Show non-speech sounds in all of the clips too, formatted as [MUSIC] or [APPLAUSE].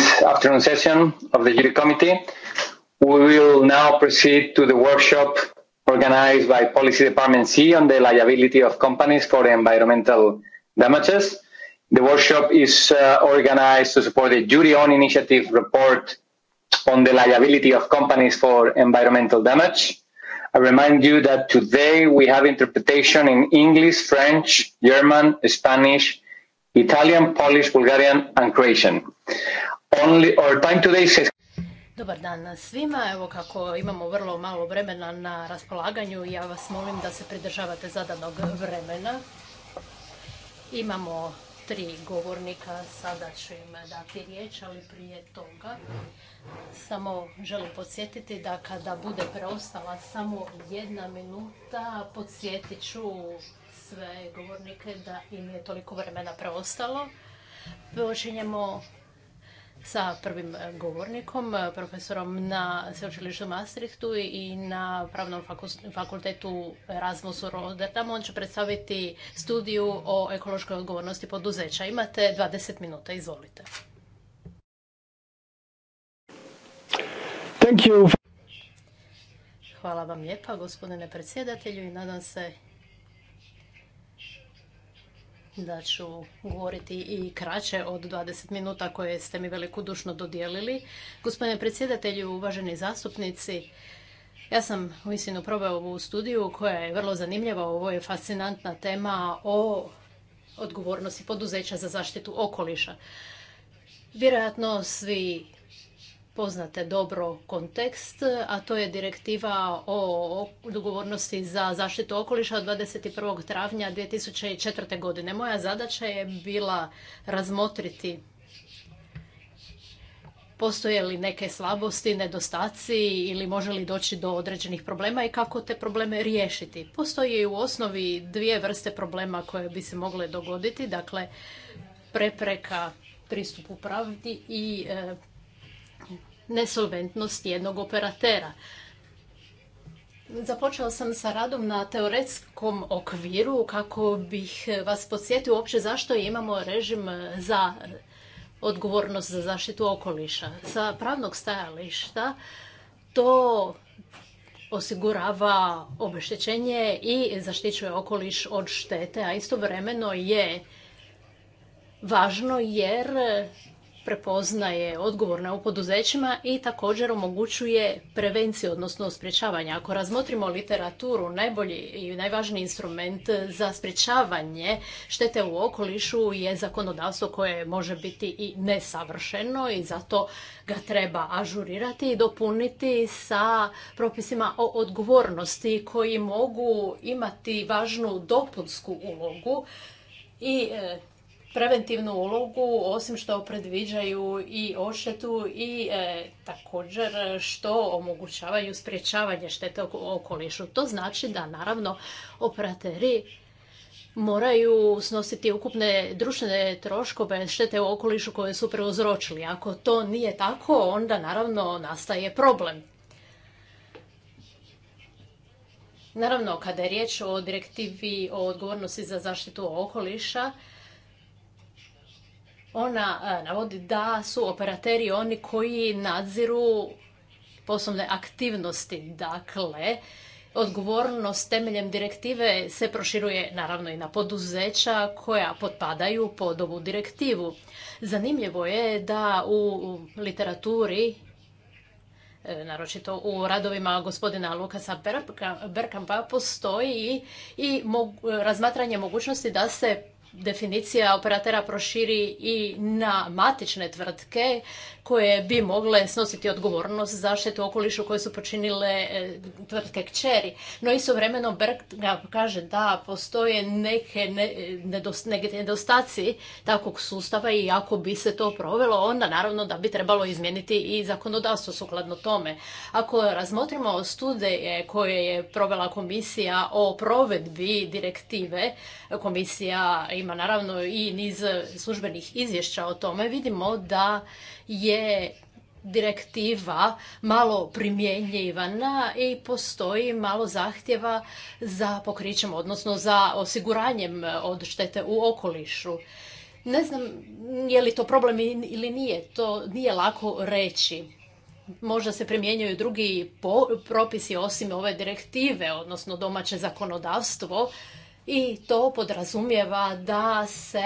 this afternoon session of the Jury Committee. We will now proceed to the workshop organized by Policy Department C on the liability of companies for environmental damages. The workshop is uh, organized to support the Jury on Initiative report on the liability of companies for environmental damage. I remind you that today we have interpretation in English, French, German, Spanish, Italian, Polish, Bulgarian, and Croatian only time today says Dobar dan svima. Evo kako imamo vrlo malo vremena na raspolaganju, ja vas molim da se pridržavate zadanog vremena. Imamo tri govornika, sada ću im dati riječ, ali prije toga samo želim podsjetiti da kada bude preostala samo jedna minuta, podsjetit ću sve govornike da im je toliko vremena preostalo. Počinjemo sa prvim e, govornikom, e, profesorom na sveučilištu Maastrichtu i na Pravnom fakultetu Erasmusu Rotterdam. On će predstaviti studiju o ekološkoj odgovornosti poduzeća. Imate 20 minuta, izvolite. Hvala vam lijepa, gospodine predsjedatelju, i nadam se da ću govoriti i kraće od 20 minuta koje ste mi velikodušno dodijelili. Gospodine predsjedatelju, uvaženi zastupnici, ja sam istinu probao ovu studiju koja je vrlo zanimljiva. Ovo je fascinantna tema o odgovornosti poduzeća za zaštitu okoliša. Vjerojatno svi poznate dobro kontekst, a to je direktiva o odgovornosti za zaštitu okoliša od 21. travnja 2004. godine. Moja zadaća je bila razmotriti postoje li neke slabosti, nedostaci ili može li doći do određenih problema i kako te probleme riješiti. Postoje u osnovi dvije vrste problema koje bi se mogle dogoditi, dakle prepreka pristupu pravdi i e, nesolventnost jednog operatera. Započeo sam sa radom na teoretskom okviru kako bih vas podsjetio uopće zašto imamo režim za odgovornost za zaštitu okoliša. Sa pravnog stajališta to osigurava obeštećenje i zaštićuje okoliš od štete, a istovremeno je važno jer prepoznaje odgovorne u poduzećima i također omogućuje prevenciju, odnosno sprječavanje. Ako razmotrimo literaturu, najbolji i najvažniji instrument za sprječavanje štete u okolišu je zakonodavstvo koje može biti i nesavršeno i zato ga treba ažurirati i dopuniti sa propisima o odgovornosti koji mogu imati važnu dopunsku ulogu i e, preventivnu ulogu, osim što predviđaju i oštetu i e, također što omogućavaju sprječavanje štete u okolišu. To znači da naravno operateri moraju snositi ukupne društvene troškove štete u okolišu koje su preuzročili. Ako to nije tako, onda naravno nastaje problem. Naravno, kada je riječ o direktivi o odgovornosti za zaštitu okoliša, ona e, navodi da su operateri oni koji nadziru poslovne aktivnosti. Dakle, odgovornost temeljem direktive se proširuje naravno i na poduzeća koja potpadaju pod ovu direktivu. Zanimljivo je da u literaturi e, naročito u radovima gospodina Lukasa Berkampa, postoji i razmatranje mogućnosti da se definicija operatera proširi i na matične tvrtke koje bi mogle snositi odgovornost za štetu okolišu koje su počinile e, tvrtke kćeri. No istovremeno ga kaže da postoje neke nedostaci takvog sustava i ako bi se to provelo, onda naravno da bi trebalo izmijeniti i zakonodavstvo sukladno tome. Ako razmotrimo studije koje je provela komisija o provedbi direktive, komisija ima naravno i niz službenih izvješća o tome, vidimo da je direktiva malo primjenjivana i postoji malo zahtjeva za pokrićem, odnosno za osiguranjem od štete u okolišu. Ne znam je li to problem ili nije, to nije lako reći. Možda se primjenjuju drugi propisi osim ove direktive, odnosno domaće zakonodavstvo, i to podrazumijeva da se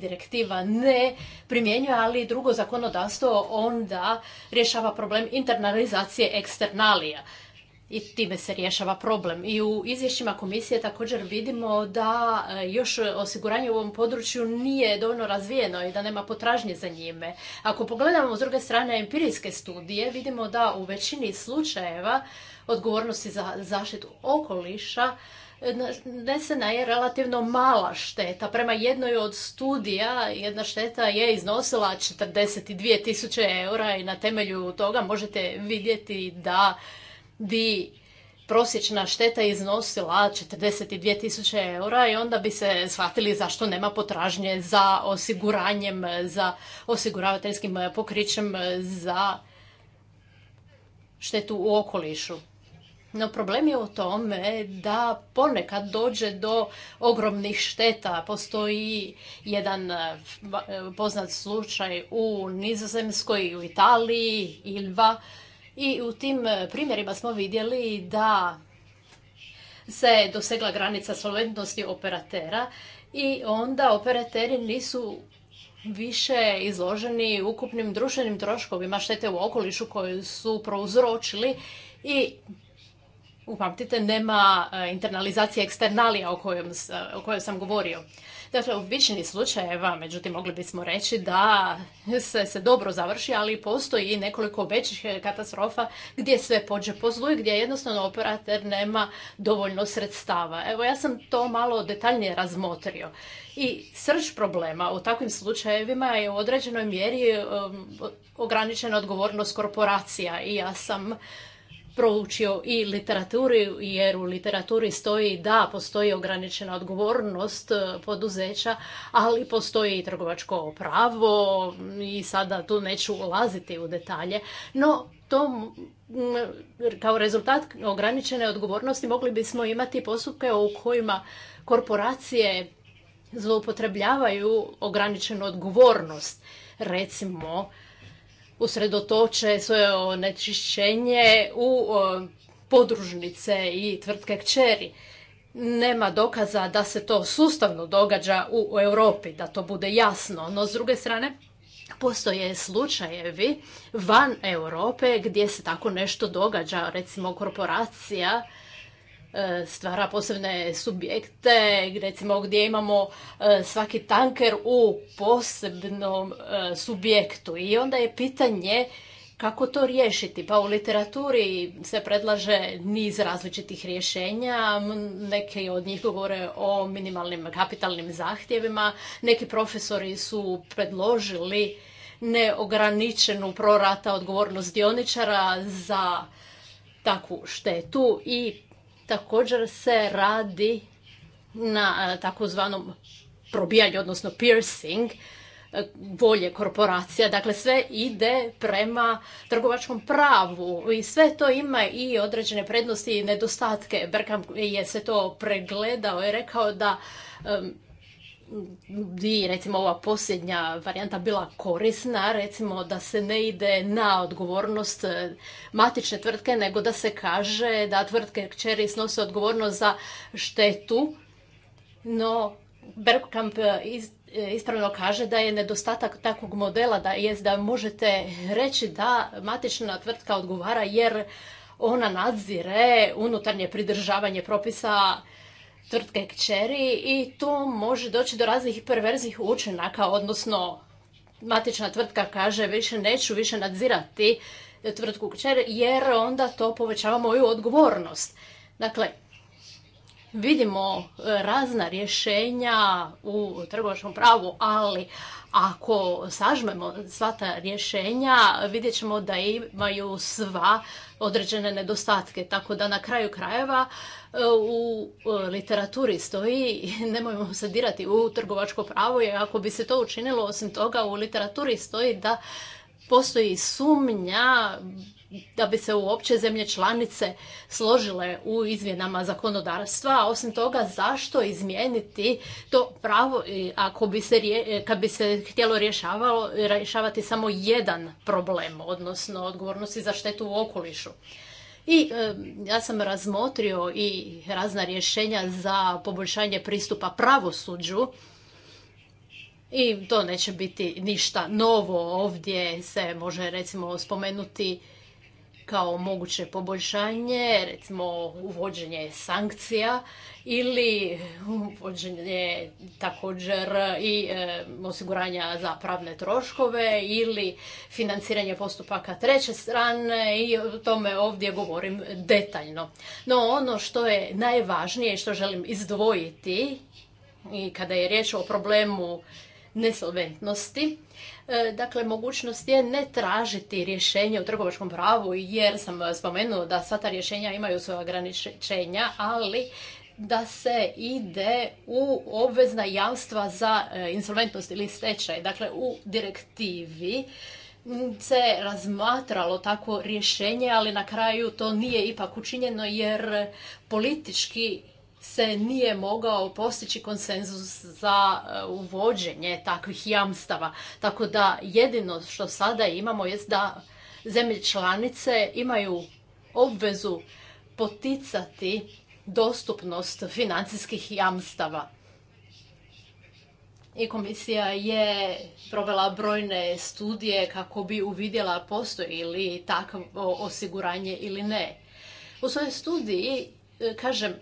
direktiva ne primjenjuje, ali drugo zakonodavstvo onda rješava problem internalizacije eksternalija i time se rješava problem. I u izvješćima komisije također vidimo da e, još osiguranje u ovom području nije dovoljno razvijeno i da nema potražnje za njime. Ako pogledamo s druge strane empirijske studije, vidimo da u većini slučajeva odgovornosti za zaštitu okoliša Nesena je relativno mala šteta. Prema jednoj od studija jedna šteta je iznosila 42.000 tisuće eura i na temelju toga možete vidjeti da bi prosječna šteta iznosila 42.000 eura i onda bi se shvatili zašto nema potražnje za osiguranjem, za osiguravateljskim pokrićem za štetu u okolišu. No problem je u tome da ponekad dođe do ogromnih šteta. Postoji jedan e, e, poznat slučaj u Nizozemskoj u Italiji, Ilva. I u tim e, primjerima smo vidjeli da se dosegla granica solventnosti operatera i onda operateri nisu više izloženi ukupnim društvenim troškovima štete u okolišu koju su prouzročili i upamtite, nema e, internalizacije eksternalija o, kojem, e, kojoj sam govorio. Dakle, u većini slučajeva, međutim, mogli bismo reći da se, se dobro završi, ali postoji nekoliko većih e, katastrofa gdje sve pođe po zlu i gdje jednostavno operator nema dovoljno sredstava. Evo, ja sam to malo detaljnije razmotrio. I srž problema u takvim slučajevima je u određenoj mjeri ograničena odgovornost korporacija i ja sam proučio i literaturi, jer u literaturi stoji da postoji ograničena odgovornost e, poduzeća, ali postoji i trgovačko pravo i sada tu neću ulaziti u detalje. No, to kao rezultat ograničene odgovornosti mogli bismo imati postupke u kojima korporacije zloupotrebljavaju ograničenu odgovornost. Recimo, usredotoče svoje onečišćenje u podružnice i tvrtke kćeri. Nema dokaza da se to sustavno događa u Europi, da to bude jasno. No, s druge strane, postoje slučajevi van Europe gdje se tako nešto događa, recimo korporacija E, stvara posebne subjekte, recimo gdje imamo e, svaki tanker u posebnom e, subjektu i onda je pitanje kako to riješiti? Pa u literaturi se predlaže niz različitih rješenja, neke od njih govore o minimalnim kapitalnim zahtjevima, neki profesori su predložili neograničenu prorata odgovornost dioničara za takvu štetu i Također se radi na e, takozvanom probijanju, odnosno piercing, e, volje korporacija. Dakle, sve ide prema trgovačkom pravu i sve to ima i određene prednosti i nedostatke. Berkham je se to pregledao i rekao da bi recimo ova posljednja varijanta bila korisna, recimo da se ne ide na odgovornost e, matične tvrtke, nego da se kaže da tvrtke kćeri snose odgovornost za štetu, no Bergkamp e, e, ispravno kaže da je nedostatak takvog modela da je da možete reći da matična tvrtka odgovara jer ona nadzire unutarnje pridržavanje propisa tvrtke kćeri i tu može doći do raznih perverzih učinaka, odnosno matična tvrtka kaže više neću više nadzirati tvrtku kćer jer onda to povećava moju odgovornost. Dakle, vidimo e, razna rješenja u trgovačkom pravu, ali ako sažmemo sva ta rješenja, vidjet ćemo da imaju sva određene nedostatke. Tako da na kraju krajeva e, u e, literaturi stoji, [LAUGHS] nemojmo se dirati u trgovačko pravo, jer ako bi se to učinilo, osim toga u literaturi stoji da postoji sumnja da bi se uopće zemlje članice složile u izmjenama zakonodavstva, a osim toga zašto izmijeniti to pravo ako bi se, kad bi se htjelo rješavalo, rješavati samo jedan problem, odnosno odgovornosti za štetu u okolišu. I ja sam razmotrio i razna rješenja za poboljšanje pristupa pravosuđu, i to neće biti ništa novo. Ovdje se može recimo spomenuti kao moguće poboljšanje, recimo uvođenje sankcija ili uvođenje također i e, osiguranja za pravne troškove ili financiranje postupaka treće strane i o tome ovdje govorim detaljno. No ono što je najvažnije i što želim izdvojiti i kada je riječ o problemu nesolventnosti. E, dakle, mogućnost je ne tražiti rješenje u trgovačkom pravu jer sam spomenula da sva ta rješenja imaju svoje ograničenja, ali da se ide u obvezna jamstva za e, insolventnost ili stečaj. Dakle, u direktivi se razmatralo takvo rješenje, ali na kraju to nije ipak učinjeno jer politički se nije mogao postići konsenzus za e, uvođenje takvih jamstava. Tako da jedino što sada imamo jest da zemlje članice imaju obvezu poticati dostupnost financijskih jamstava. I komisija je provela brojne studije kako bi uvidjela postoji li takvo osiguranje ili ne. U svojoj studiji, e, kažem,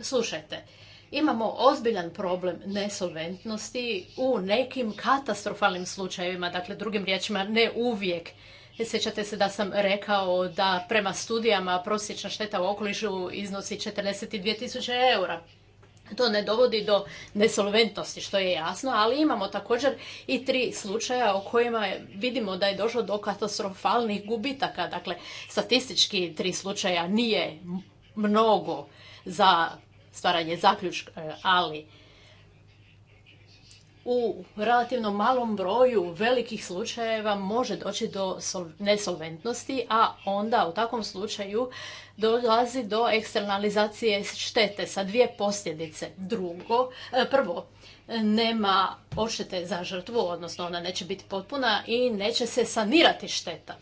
Slušajte, imamo ozbiljan problem nesolventnosti u nekim katastrofalnim slučajevima, dakle drugim riječima ne uvijek. Sjećate se da sam rekao da prema studijama prosječna šteta u okolišu iznosi 42.000 eura. To ne dovodi do nesolventnosti, što je jasno, ali imamo također i tri slučaja o kojima vidimo da je došlo do katastrofalnih gubitaka. Dakle, statistički tri slučaja nije mnogo za stvaranje zaključka, e, ali u relativno malom broju velikih slučajeva može doći do nesolventnosti, a onda u takvom slučaju dolazi do eksternalizacije štete sa dvije posljedice. Drugo, e, prvo, nema odštete za žrtvu, odnosno ona neće biti potpuna i neće se sanirati šteta.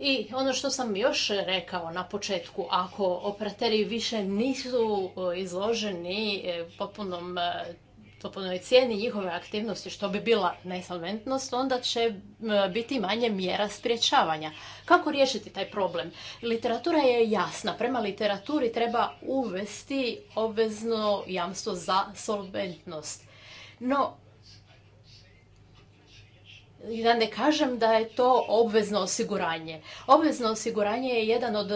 I ono što sam još rekao na početku, ako operateri više nisu e, izloženi e, potpunom e, potpunoj cijeni njihove aktivnosti, što bi bila nesolventnost, onda će biti manje mjera sprječavanja. Kako riješiti taj problem? Literatura je jasna. Prema literaturi treba uvesti obvezno jamstvo za solventnost. No, da ne kažem da je to obvezno osiguranje. Obvezno osiguranje je jedan od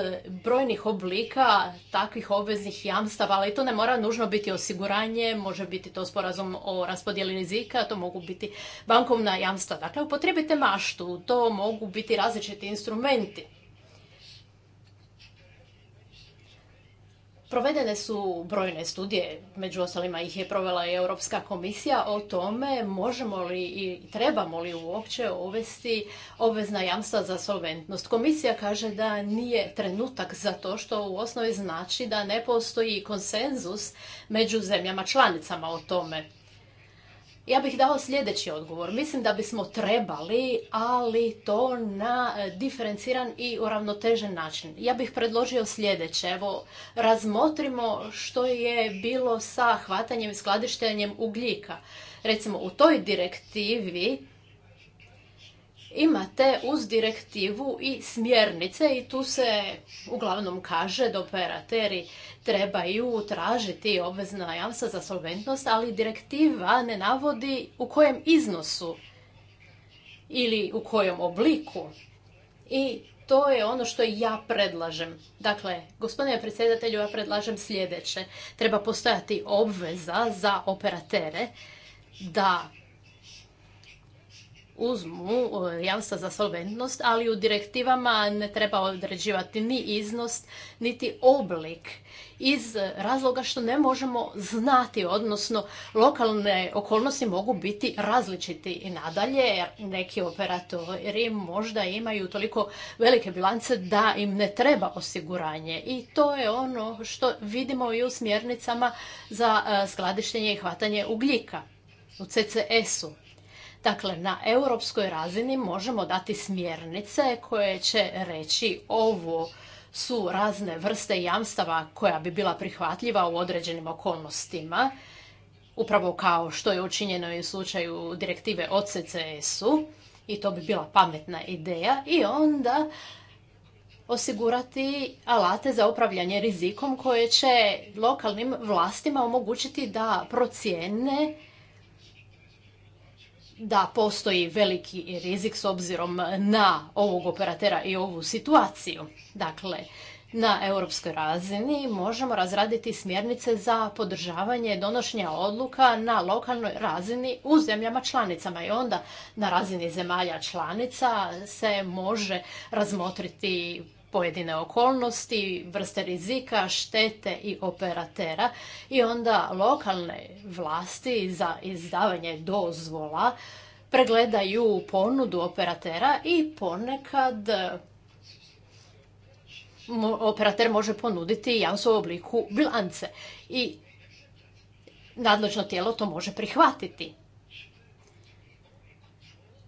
brojnih oblika takvih obveznih jamstava, ali to ne mora nužno biti osiguranje, može biti to sporazum o raspodjeli rizika, to mogu biti bankovna jamstva. Dakle, upotrijebite maštu, to mogu biti različiti instrumenti. Provedene su brojne studije, među ostalima ih je provela i Europska komisija o tome možemo li i trebamo li uopće uvesti obvezna jamstva za solventnost. Komisija kaže da nije trenutak za to što u osnovi znači da ne postoji konsenzus među zemljama članicama o tome. Ja bih dao sljedeći odgovor. Mislim da bismo trebali, ali to na e, diferenciran i uravnotežen način. Ja bih predložio sljedeće. Evo, razmotrimo što je bilo sa hvatanjem i skladištenjem ugljika. Recimo, u toj direktivi imate uz direktivu i smjernice i tu se uglavnom kaže da operateri trebaju tražiti obvezna jamstva za solventnost, ali direktiva ne navodi u kojem iznosu ili u kojem obliku. I to je ono što ja predlažem. Dakle, gospodine predsjedatelju, ja predlažem sljedeće. Treba postojati obveza za operatere da uzmu e, jamstva za solventnost, ali u direktivama ne treba određivati ni iznos, niti oblik iz razloga što ne možemo znati, odnosno lokalne okolnosti mogu biti različiti i nadalje. Neki operatori možda imaju toliko velike bilance da im ne treba osiguranje i to je ono što vidimo i u smjernicama za e, skladištenje i hvatanje ugljika u CCS-u. Dakle, na europskoj razini možemo dati smjernice koje će reći ovo su razne vrste jamstava koja bi bila prihvatljiva u određenim okolnostima, upravo kao što je učinjeno i u slučaju direktive o CCS-u, i to bi bila pametna ideja, i onda osigurati alate za upravljanje rizikom koje će lokalnim vlastima omogućiti da procijene da postoji veliki rizik s obzirom na ovog operatera i ovu situaciju. Dakle, na europskoj razini možemo razraditi smjernice za podržavanje donošenja odluka na lokalnoj razini u zemljama članicama i onda na razini zemalja članica se može razmotriti pojedine okolnosti, vrste rizika, štete i operatera i onda lokalne vlasti za izdavanje dozvola pregledaju ponudu operatera i ponekad operater može ponuditi jamstvo u obliku bilance i nadležno tijelo to može prihvatiti.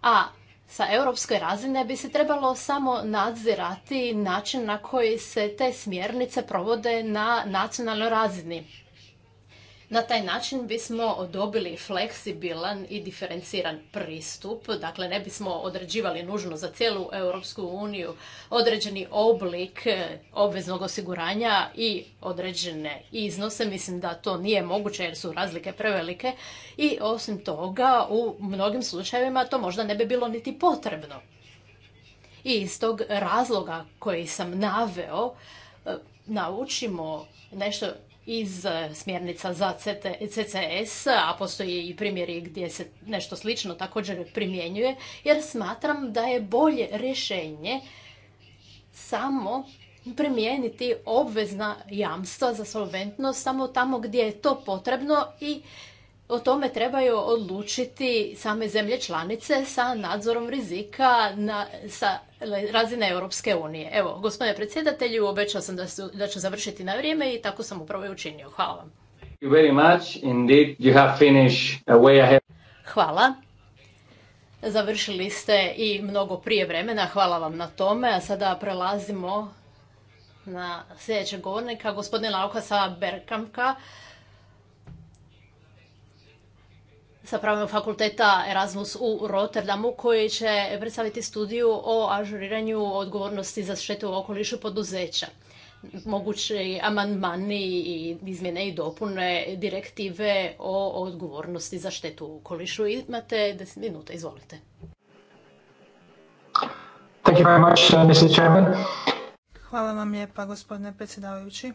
A sa europske razine bi se trebalo samo nadzirati način na koji se te smjernice provode na nacionalnoj razini. Na taj način bismo dobili fleksibilan i diferenciran pristup, dakle ne bismo određivali nužno za cijelu Europsku uniju određeni oblik e, obveznog osiguranja i određene iznose. Mislim da to nije moguće jer su razlike prevelike i osim toga u mnogim slučajevima to možda ne bi bilo niti potrebno. I iz tog razloga koji sam naveo, e, naučimo nešto iz e, smjernica za CCS, a postoji i primjeri gdje se nešto slično također primjenjuje, jer smatram da je bolje rješenje samo primijeniti obvezna jamstva za solventnost samo tamo gdje je to potrebno i o tome trebaju odlučiti same zemlje članice sa nadzorom rizika na, sa razine Europske unije. Evo, gospodine predsjedatelju, obećao sam da, da ću završiti na vrijeme i tako sam upravo i učinio. Hvala vam. Hvala. Završili ste i mnogo prije vremena. Hvala vam na tome. A sada prelazimo na sljedećeg govornika, gospodina Laukasa Berkamka sa pravnog fakulteta Erasmus u Rotterdamu koji će predstaviti studiju o ažuriranju odgovornosti za štetu u okolišu poduzeća. Mogući amandmani i izmjene i dopune direktive o odgovornosti za štetu u okolišu. Imate 10 minuta, izvolite. Uh, Hvala vam lijepa, gospodine predsjedavajući.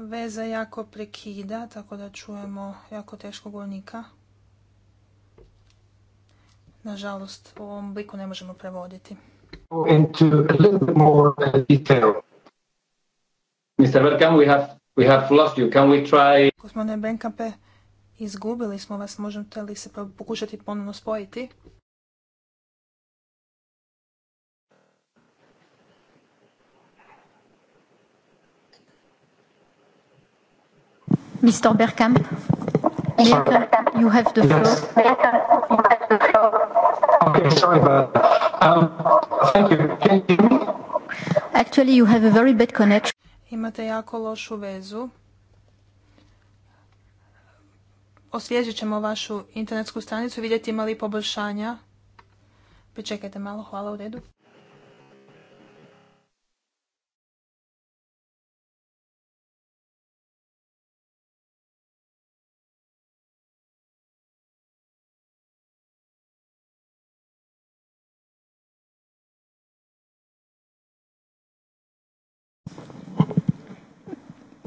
Veza jako prekida, tako da čujemo jako teško govornika. Nažalost, u ovom bliku ne možemo prevoditi. Gospodine Benkampe, izgubili smo vas. Možete li se pokušati ponovno spojiti? Mr. Bergkamp, you have the floor. Okay, sorry about that. Um, thank you. Can you hear me? Actually, you have a very bad connection. Imate jako lošu vezu. Osvježit ćemo vašu internetsku stranicu, vidjeti ima li poboljšanja. Pričekajte malo, hvala u redu.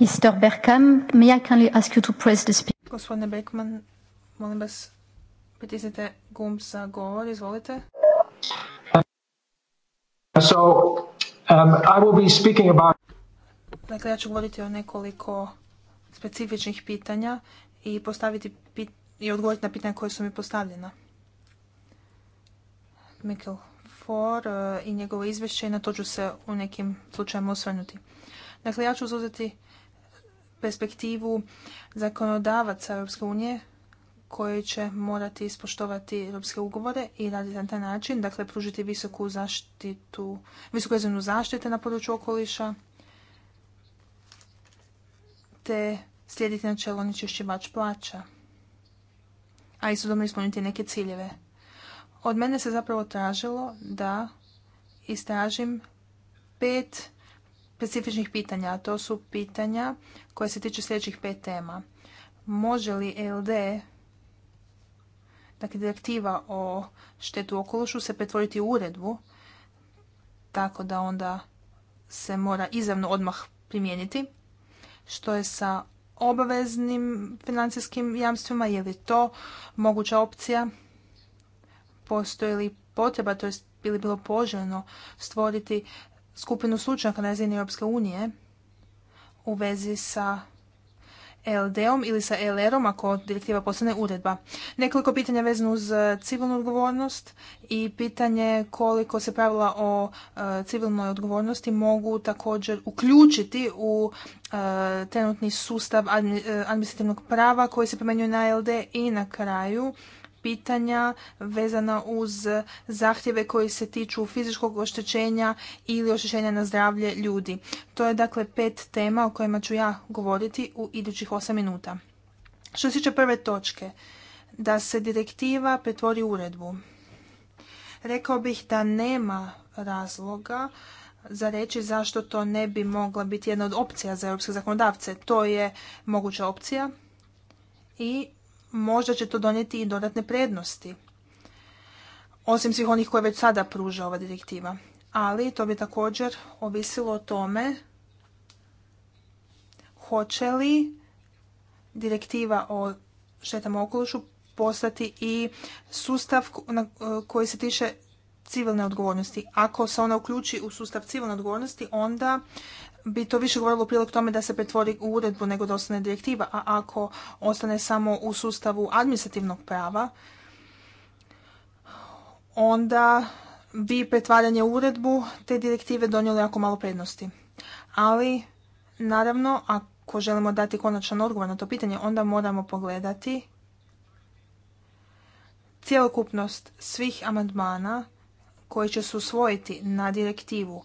Berkham, may I ask you press the Gospodine Beckman, molim vas, pritisnite gumb za govor, izvolite. So, um, I will be speaking about... Dakle, ja ću govoriti o nekoliko specifičnih pitanja i postaviti i odgovoriti na pitanja koje su mi postavljena. Michael Ford uh, i njegovo izvješće i na to ću se u nekim slučajima osvrnuti. Dakle, ja ću uzeti perspektivu zakonodavaca Europske unije koji će morati ispoštovati europske ugovore i raditi na taj način, dakle pružiti visoku zaštitu, visoku razinu zaštite na području okoliša, te slijediti načelo onečišćivač plaća, a istodobno ispuniti neke ciljeve. Od mene se zapravo tražilo da istražim pet specifičnih pitanja, a to su pitanja koje se tiču sljedećih pet tema. Može li LD, dakle direktiva o štetu okolišu, se pretvoriti u uredbu, tako da onda se mora izravno odmah primijeniti? Što je sa obaveznim financijskim jamstvima? Je li to moguća opcija? Postoji li potreba, to je bilo poželjno stvoriti skupinu slučaka na razini Europske unije u vezi sa LD-om ili sa LR-om ako direktiva postane uredba. Nekoliko pitanja vezano uz e, civilnu odgovornost i pitanje koliko se pravila o e, civilnoj odgovornosti mogu također uključiti u e, trenutni sustav administrativnog prava koji se primjenjuje na LD i na kraju pitanja vezana uz zahtjeve koji se tiču fizičkog oštećenja ili oštećenja na zdravlje ljudi. To je dakle pet tema o kojima ću ja govoriti u idućih 8 minuta. Što se tiče prve točke, da se direktiva pretvori u uredbu. Rekao bih da nema razloga za reći zašto to ne bi mogla biti jedna od opcija za europske zakonodavce. To je moguća opcija i možda će to donijeti i dodatne prednosti. Osim svih onih koje već sada pruža ova direktiva. Ali to bi također ovisilo o tome hoće li direktiva o štetama okolišu postati i sustav koji se tiče civilne odgovornosti. Ako se ona uključi u sustav civilne odgovornosti, onda bi to više govorilo u prilog tome da se pretvori u uredbu nego da ostane direktiva, a ako ostane samo u sustavu administrativnog prava, onda bi pretvaranje u uredbu te direktive donijelo jako malo prednosti. Ali, naravno, ako želimo dati konačan odgovor na to pitanje, onda moramo pogledati cjelokupnost svih amandmana koji će se usvojiti na direktivu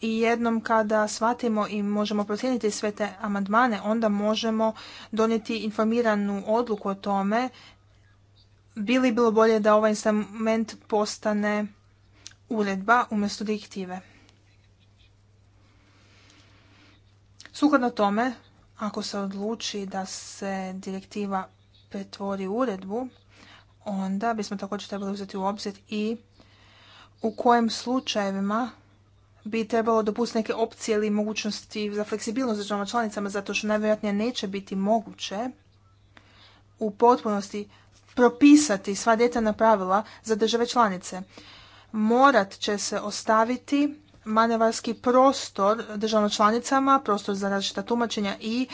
i jednom kada shvatimo i možemo procijeniti sve te amandmane, onda možemo donijeti informiranu odluku o tome bi li bilo bolje da ovaj instrument postane uredba umjesto direktive. Sukladno tome, ako se odluči da se direktiva pretvori u uredbu, onda bismo također trebali uzeti u obzir i u kojim slučajevima bi trebalo dopustiti neke opcije ili mogućnosti za fleksibilnost državama članicama, zato što najvjerojatnije neće biti moguće u potpunosti propisati sva detaljna pravila za države članice. Morat će se ostaviti manevarski prostor državno članicama, prostor za različita tumačenja i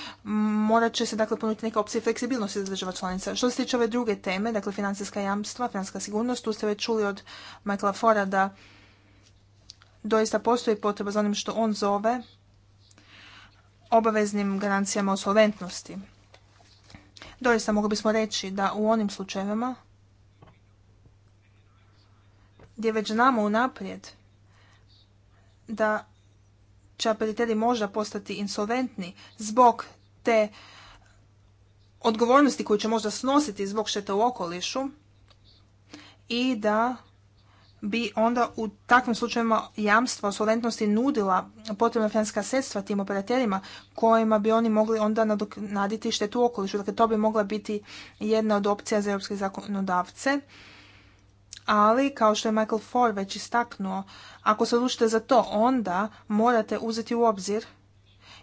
morat će se dakle ponuditi neke opcije fleksibilnosti za država članica. Što se tiče ove druge teme, dakle financijska jamstva, financijska sigurnost, tu ste već čuli od Michaela Fora da doista postoji potreba za onim što on zove obaveznim garancijama o solventnosti. Doista mogli bismo reći da u onim slučajevima gdje već znamo unaprijed da će apeliteri možda postati insolventni zbog te odgovornosti koju će možda snositi zbog šteta u okolišu i da bi onda u takvim slučajevima jamstva solventnosti nudila potrebna financijska sredstva tim operaterima kojima bi oni mogli onda nadoknaditi štetu u okolišu. Dakle, to bi mogla biti jedna od opcija za europske zakonodavce ali kao što je Michael Ford već istaknuo, ako se odlučite za to, onda morate uzeti u obzir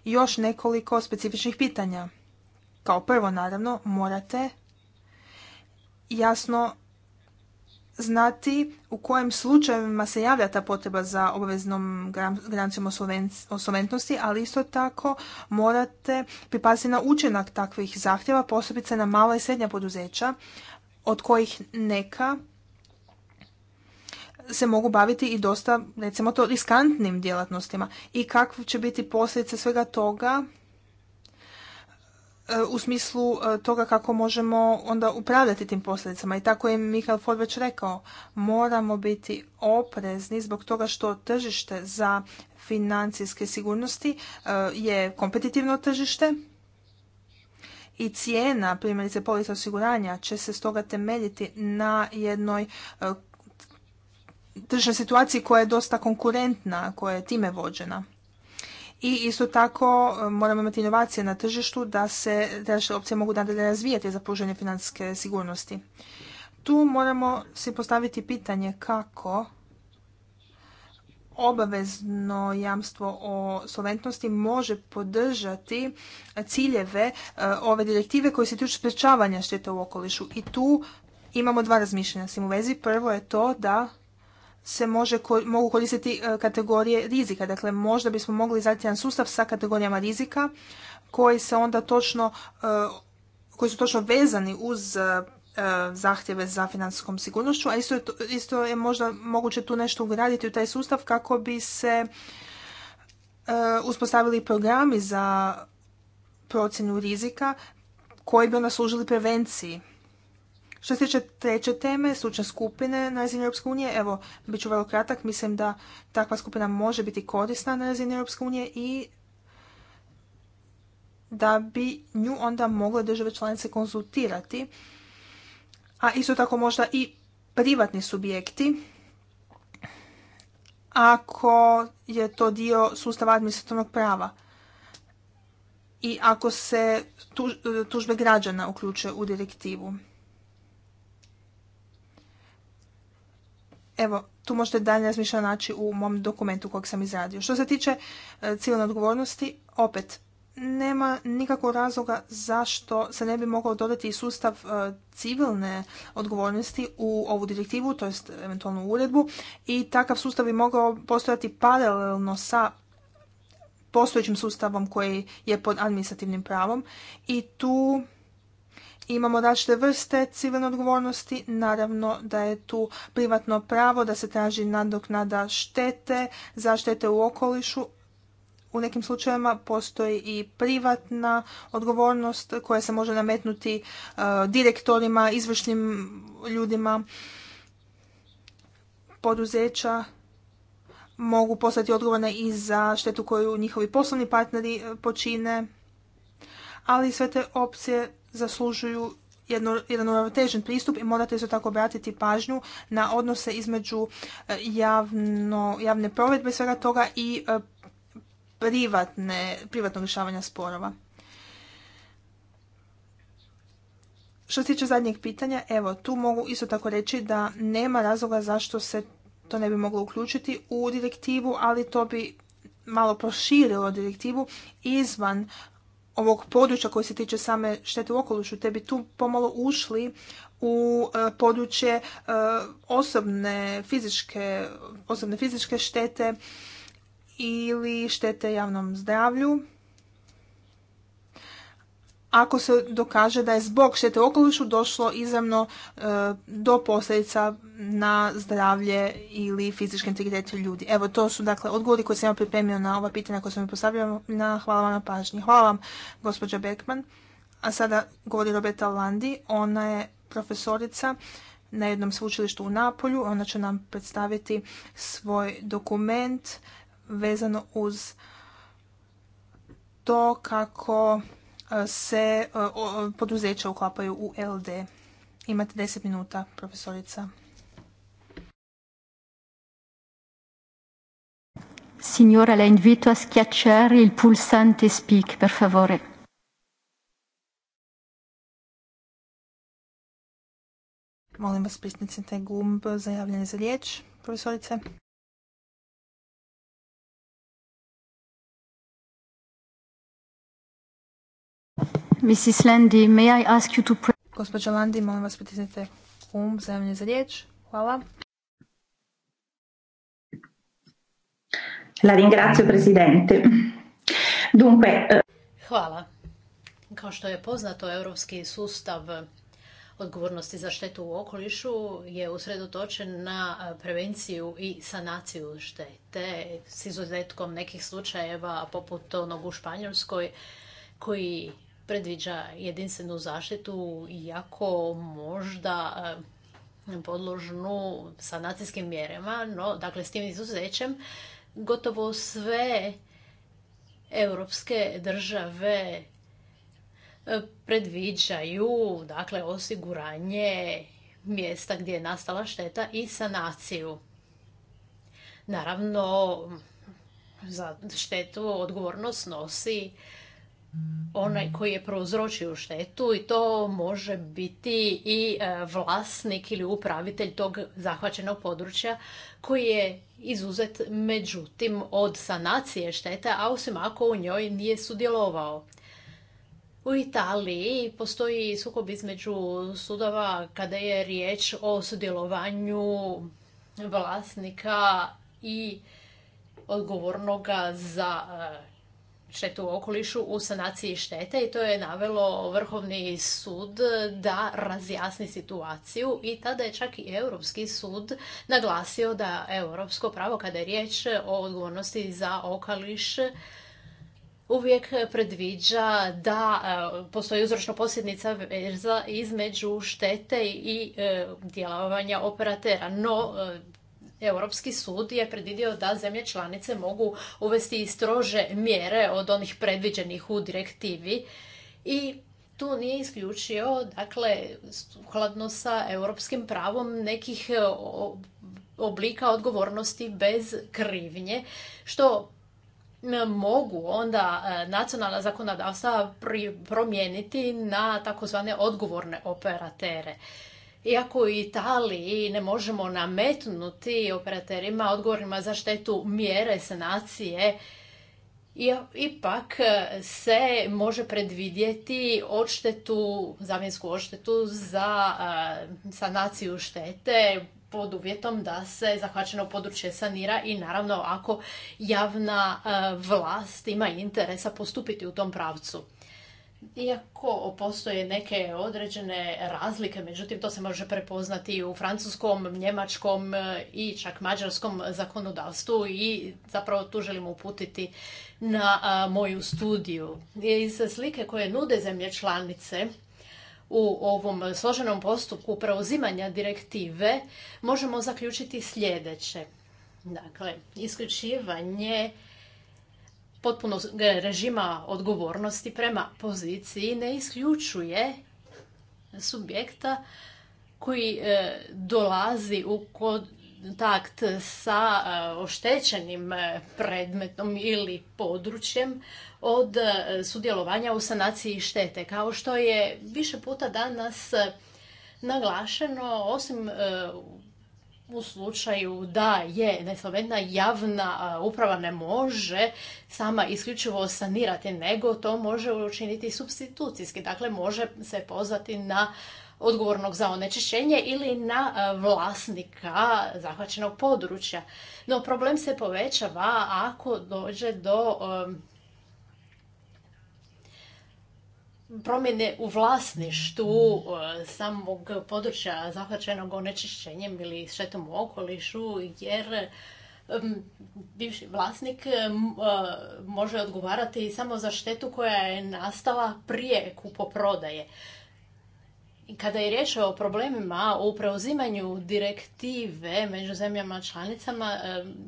još nekoliko specifičnih pitanja. Kao prvo, naravno, morate jasno znati u kojim slučajevima se javlja ta potreba za obaveznom garancijom solventnosti ali isto tako morate pripaziti na učinak takvih zahtjeva, posebice na mala i srednja poduzeća, od kojih neka se mogu baviti i dosta, recimo to, riskantnim djelatnostima. I kakve će biti posljedice svega toga e, u smislu e, toga kako možemo onda upravljati tim posljedicama. I tako je Michael Ford već rekao, moramo biti oprezni zbog toga što tržište za financijske sigurnosti e, je kompetitivno tržište i cijena, primjerice polisa osiguranja, će se stoga temeljiti na jednoj tržnoj situaciji koja je dosta konkurentna, koja je time vođena. I isto tako e, moramo imati inovacije na tržištu da se te opcije mogu nadalje razvijati za pružanje financijske sigurnosti. Tu moramo si postaviti pitanje kako obavezno jamstvo o solventnosti može podržati ciljeve e, ove direktive koje se tiču sprečavanja šteta u okolišu. I tu imamo dva razmišljanja s tim u vezi. Prvo je to da se može, mogu koristiti e, kategorije rizika. Dakle, možda bismo mogli izraditi jedan sustav sa kategorijama rizika koji se onda točno, e, koji su točno vezani uz e, zahtjeve za financijskom sigurnošću, a isto je, isto je možda moguće tu nešto ugraditi u taj sustav kako bi se uspostavili programi za procjenu rizika koji bi onda služili prevenciji što se tiče treće teme, slučne skupine na razini Europske unije, evo, bit ću vrlo kratak, mislim da takva skupina može biti korisna na razini Europske unije i da bi nju onda mogle države članice konzultirati, a isto tako možda i privatni subjekti, ako je to dio sustava administrativnog prava i ako se e, tužbe građana uključe u direktivu. Evo, tu možete dalje razmišljati naći u mom dokumentu kojeg sam izradio. Što se tiče e, civilne odgovornosti, opet, nema nikakvog razloga zašto se ne bi mogao dodati i sustav e, civilne odgovornosti u ovu direktivu, to jest eventualnu uredbu i takav sustav bi mogao postojati paralelno sa postojećim sustavom koji je pod administrativnim pravom i tu imamo različite vrste civilne odgovornosti. Naravno da je tu privatno pravo da se traži nadoknada štete za štete u okolišu. U nekim slučajevima postoji i privatna odgovornost koja se može nametnuti e, direktorima, izvršnim ljudima poduzeća mogu postati odgovorne i za štetu koju njihovi poslovni partneri e, počine ali sve te opcije zaslužuju jedno, jedan uravnotežen pristup i morate isto tako obratiti pažnju na odnose između e, javno, javne provedbe svega toga i e, privatne, privatnog rješavanja sporova. Što se tiče zadnjeg pitanja, evo, tu mogu isto tako reći da nema razloga zašto se to ne bi moglo uključiti u direktivu, ali to bi malo proširilo direktivu izvan ovog područja koji se tiče same štete u okolišu, te bi tu pomalo ušli u e, područje e, osobne fizičke, osobne fizičke štete ili štete javnom zdravlju ako se dokaže da je zbog štete okolišu došlo izravno e, do posljedica na zdravlje ili fizičke integritete ljudi. Evo, to su dakle odgovori koje sam ja pripremio na ova pitanja koja sam mi postavljala. Hvala vam na pažnji. Hvala vam, gospođa Beckman. A sada govori Roberta Landi. Ona je profesorica na jednom sveučilištu u Napolju. Ona će nam predstaviti svoj dokument vezano uz to kako se e, poduzeća uklapaju u LD. Imate 10 minuta, profesorica. Signora, la invito a schiacciare il pulsante speak, per favore. Molim vas, prisnicite gumb za javljanje za riječ, profesorice. Mrs. Landy, may I ask you to... Gospođa Landi, molim vas pritisnite um, zemlje za riječ. Hvala. La ringrazio, presidente. Dunque... Eh, Hvala. Kao što je poznato, europski sustav odgovornosti za štetu u okolišu je usredotočen na prevenciju i sanaciju štete s izuzetkom nekih slučajeva poput onog u Španjolskoj koji predviđa jedinstvenu zaštitu, iako možda e, podložnu sanacijskim mjerama, no dakle s tim izuzećem gotovo sve europske države e, predviđaju dakle osiguranje mjesta gdje je nastala šteta i sanaciju. Naravno za štetu odgovornost nosi onaj koji je prouzročio štetu i to može biti i e, vlasnik ili upravitelj tog zahvaćenog područja koji je izuzet međutim od sanacije štete, a osim ako u njoj nije sudjelovao. U Italiji postoji sukob između sudova kada je riječ o sudjelovanju vlasnika i odgovornoga za e, štetu okolišu u sanaciji štete i to je navelo Vrhovni sud da razjasni situaciju i tada je čak i Europski sud naglasio da europsko pravo kada je riječ o odgovornosti za okoliš uvijek predviđa da e, postoji uzročno posljednica veza između štete i e, djelovanja operatera. No, e, Europski sud je predvidio da zemlje članice mogu uvesti i strože mjere od onih predviđenih u direktivi i tu nije isključio, dakle, skladno sa europskim pravom nekih e, oblika odgovornosti bez krivnje, što mogu onda e, nacionalna zakonodavstva promijeniti na takozvane odgovorne operatere. Iako u Italiji ne možemo nametnuti operaterima odgovorima za štetu mjere sanacije, ipak se može predvidjeti odštetu, zamjensku odštetu za sanaciju štete pod uvjetom da se zahvaćeno područje sanira i naravno ako javna vlast ima interesa postupiti u tom pravcu. Iako postoje neke određene razlike, međutim to se može prepoznati i u francuskom, njemačkom e, i čak mađarskom zakonodavstvu i zapravo tu želimo uputiti na moju studiju. Iz slike koje nude zemlje članice u ovom složenom postupku preuzimanja direktive možemo zaključiti sljedeće. Dakle, isključivanje potpuno režima odgovornosti prema poziciji ne isključuje subjekta koji e, dolazi u kontakt sa e, oštećenim e, predmetom ili područjem od sudjelovanja u sanaciji štete. Kao što je više puta danas naglašeno, osim u slučaju da je nesolventna javna uprava ne može sama isključivo sanirati, nego to može učiniti substitucijski. Dakle, može se pozvati na odgovornog za onečišćenje ili na vlasnika zahvaćenog područja. No problem se povećava ako dođe do promjene u vlasništu e, samog područja zahvaćenog onečišćenjem ili štetom u okolišu, jer bivši vlasnik e, može odgovarati samo za štetu koja je nastala prije kupoprodaje. Kada je riječ o problemima u preuzimanju direktive među zemljama članicama,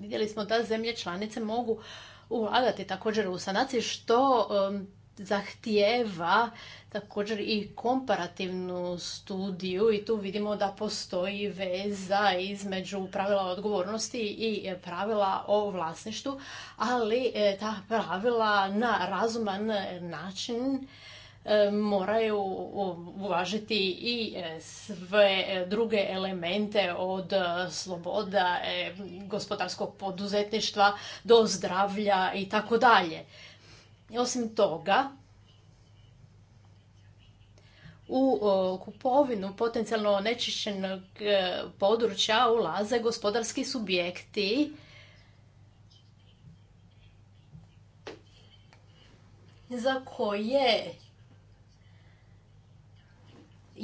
vidjeli smo da zemlje članice mogu ulagati također u sanaciji, što zahtijeva također i komparativnu studiju i tu vidimo da postoji veza između pravila odgovornosti i pravila o vlasništvu, ali e, ta pravila na razuman način e, moraju uvažiti i e, sve druge elemente od sloboda, gospodarskog poduzetništva do zdravlja i tako dalje. Osim toga, u kupovinu potencijalno onečišćenog e, područja ulaze gospodarski subjekti za koje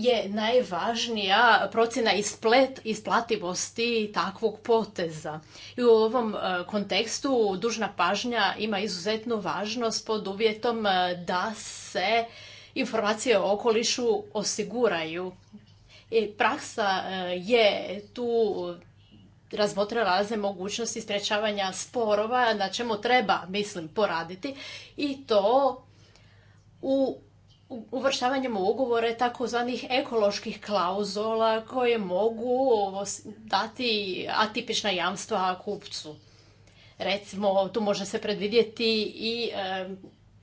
je najvažnija procjena isplet, isplativosti takvog poteza. I u ovom e, kontekstu dužna pažnja ima izuzetnu važnost pod uvjetom e, da se informacije o okolišu osiguraju. I praksa e, je tu razmotrila razne mogućnosti sprečavanja sporova na čemu treba, mislim, poraditi i to u uvrštavanjem u ugovore takozvanih ekoloških klauzula koje mogu dati atipična jamstva kupcu. Recimo, tu može se predvidjeti i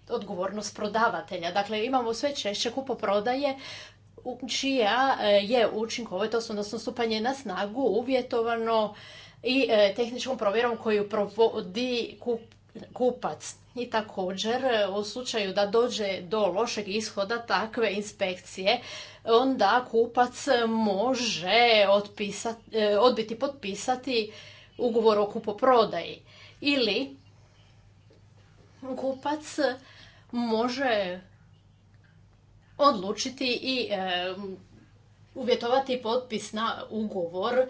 odgovornost prodavatelja. Dakle, imamo sve češće kupoprodaje čija e, je učinkovitost, odnosno stupanje na snagu, uvjetovano i e, tehničkom provjerom koju provodi kupac. I također, e, u slučaju da dođe do lošeg ishoda takve inspekcije, onda kupac može e, odbiti potpisati ugovor o kupoprodaji. Ili kupac može odlučiti i e, uvjetovati potpis na ugovor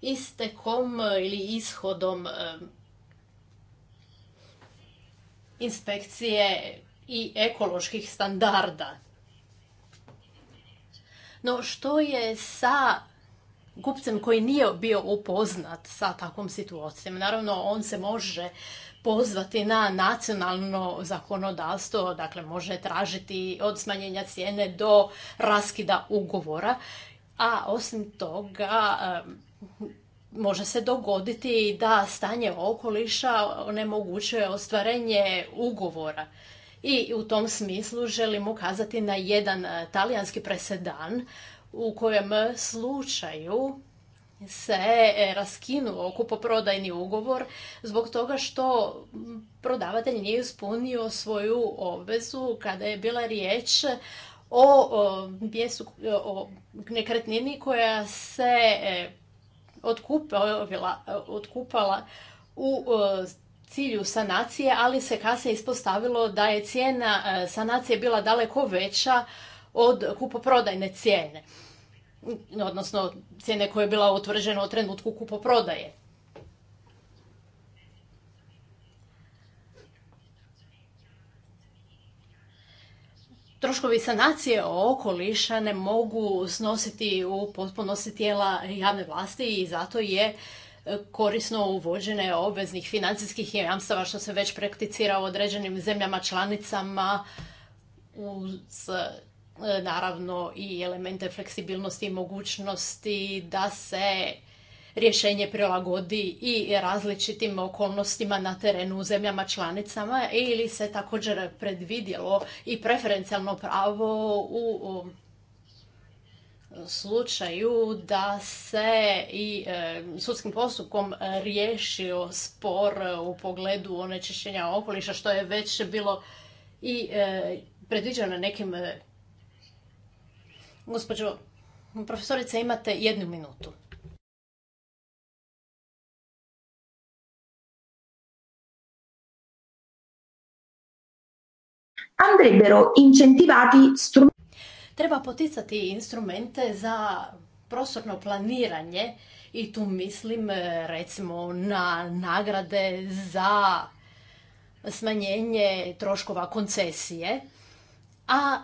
istekom ili ishodom inspekcije i ekoloških standarda. No što je sa kupcem koji nije bio upoznat sa takvom situacijom? Naravno, on se može pozvati na nacionalno zakonodavstvo, dakle može tražiti od smanjenja cijene do raskida ugovora, a osim toga može se dogoditi da stanje okoliša onemogućuje ostvarenje ugovora. I u tom smislu želim ukazati na jedan e, talijanski presedan u kojem slučaju se e, raskinuo kupoprodajni ugovor zbog toga što prodavatelj nije ispunio svoju obvezu kada je bila riječ o, o nekretnini koja se e, otkupala, u e, cilju sanacije, ali se kasnije ispostavilo da je cijena e, sanacije bila daleko veća od kupoprodajne cijene, odnosno cijene koja je bila utvrđena u trenutku kupoprodaje. troškovi sanacije okoliša ne mogu snositi u potpunosti tijela javne vlasti i zato je e, korisno uvođenje obveznih financijskih jamstava što se već prakticira u određenim zemljama članicama uz e, naravno i elemente fleksibilnosti i mogućnosti da se rješenje prilagodi i različitim okolnostima na terenu u zemljama članicama ili se također predvidjelo i preferencijalno pravo u slučaju da se i e, sudskim postupkom riješio spor u pogledu onečišćenja okoliša što je već bilo i e, predviđeno nekim e, gospođo profesorice imate jednu minutu andrebbero incentivati Treba poticati instrumente za prostorno planiranje i tu mislim e, recimo na nagrade za smanjenje troškova koncesije, a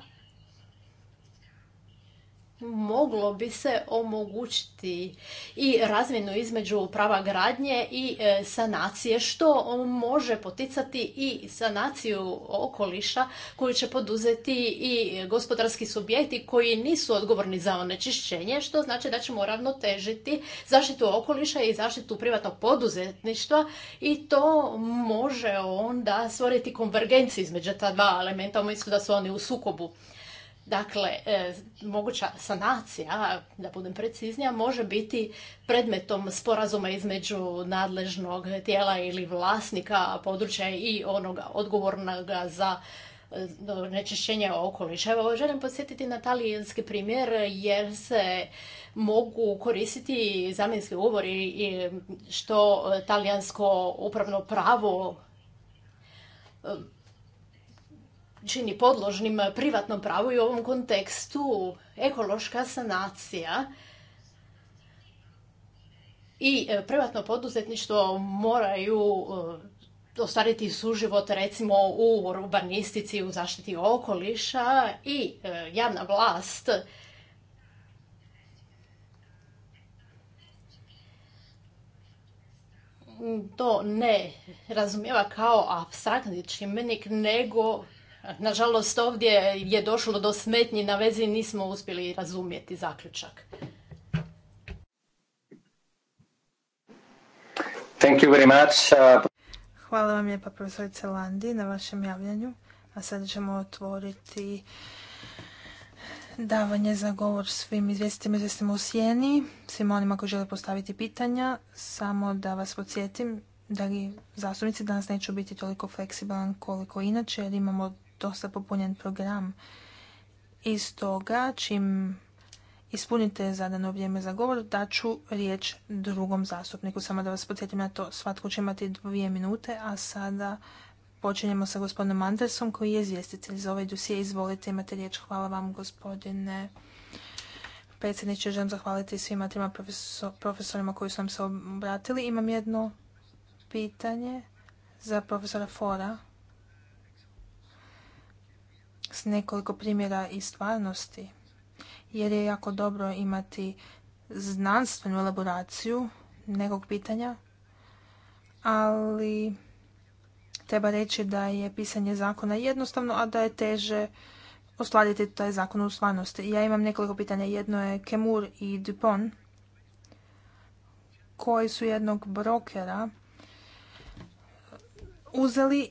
moglo bi se omogućiti i razmjenu između prava gradnje i e, sanacije, što može poticati i sanaciju okoliša koju će poduzeti i gospodarski subjekti koji nisu odgovorni za onečišćenje, što znači da ćemo težiti zaštitu okoliša i zaštitu privatnog poduzetništva i to može onda stvoriti konvergenciju između ta dva elementa, umjesto da su oni u sukobu. Dakle, e, moguća sanacija, da budem preciznija, može biti predmetom sporazuma između nadležnog tijela ili vlasnika područja i onoga odgovornog za e, nečišćenje okoliša. Evo, želim podsjetiti na talijanski primjer jer se mogu koristiti zamjenski uvori što talijansko upravno pravo e, čini podložnim privatnom pravu i u ovom kontekstu ekološka sanacija i e, privatno poduzetništvo moraju e, ostvariti suživot recimo u urbanistici, u zaštiti okoliša i e, javna vlast to ne razumijeva kao abstraktni čimbenik, nego Nažalost, ovdje je došlo do smetnji na vezi i nismo uspjeli razumjeti zaključak. Uh, Hvala vam lijepa profesorice Landi na vašem javljanju. A sada ćemo otvoriti davanje za govor svim izvjestiteljima izvjestima u sjeni, svima onima koji žele postaviti pitanja. Samo da vas podsjetim, da li zastupnici, danas neću biti toliko fleksibilan koliko inače jer imamo dosta popunjen program. I toga, čim ispunite zadano vrijeme za govor, daću riječ drugom zastupniku. Samo da vas podsjetim na to, svatko će imati dvije minute, a sada počinjemo sa gospodinom Andersom koji je izvjestitelj za ovaj dosije. Izvolite, imate riječ. Hvala vam gospodine predsjedniče. Želim zahvaliti svima trima profesorima koji su nam se obratili. Imam jedno pitanje za profesora Fora nekoliko primjera iz stvarnosti, jer je jako dobro imati znanstvenu elaboraciju nekog pitanja, ali treba reći da je pisanje zakona jednostavno, a da je teže ostvariti taj zakon u stvarnosti. Ja imam nekoliko pitanja. Jedno je Kemur i Dupont, koji su jednog brokera uzeli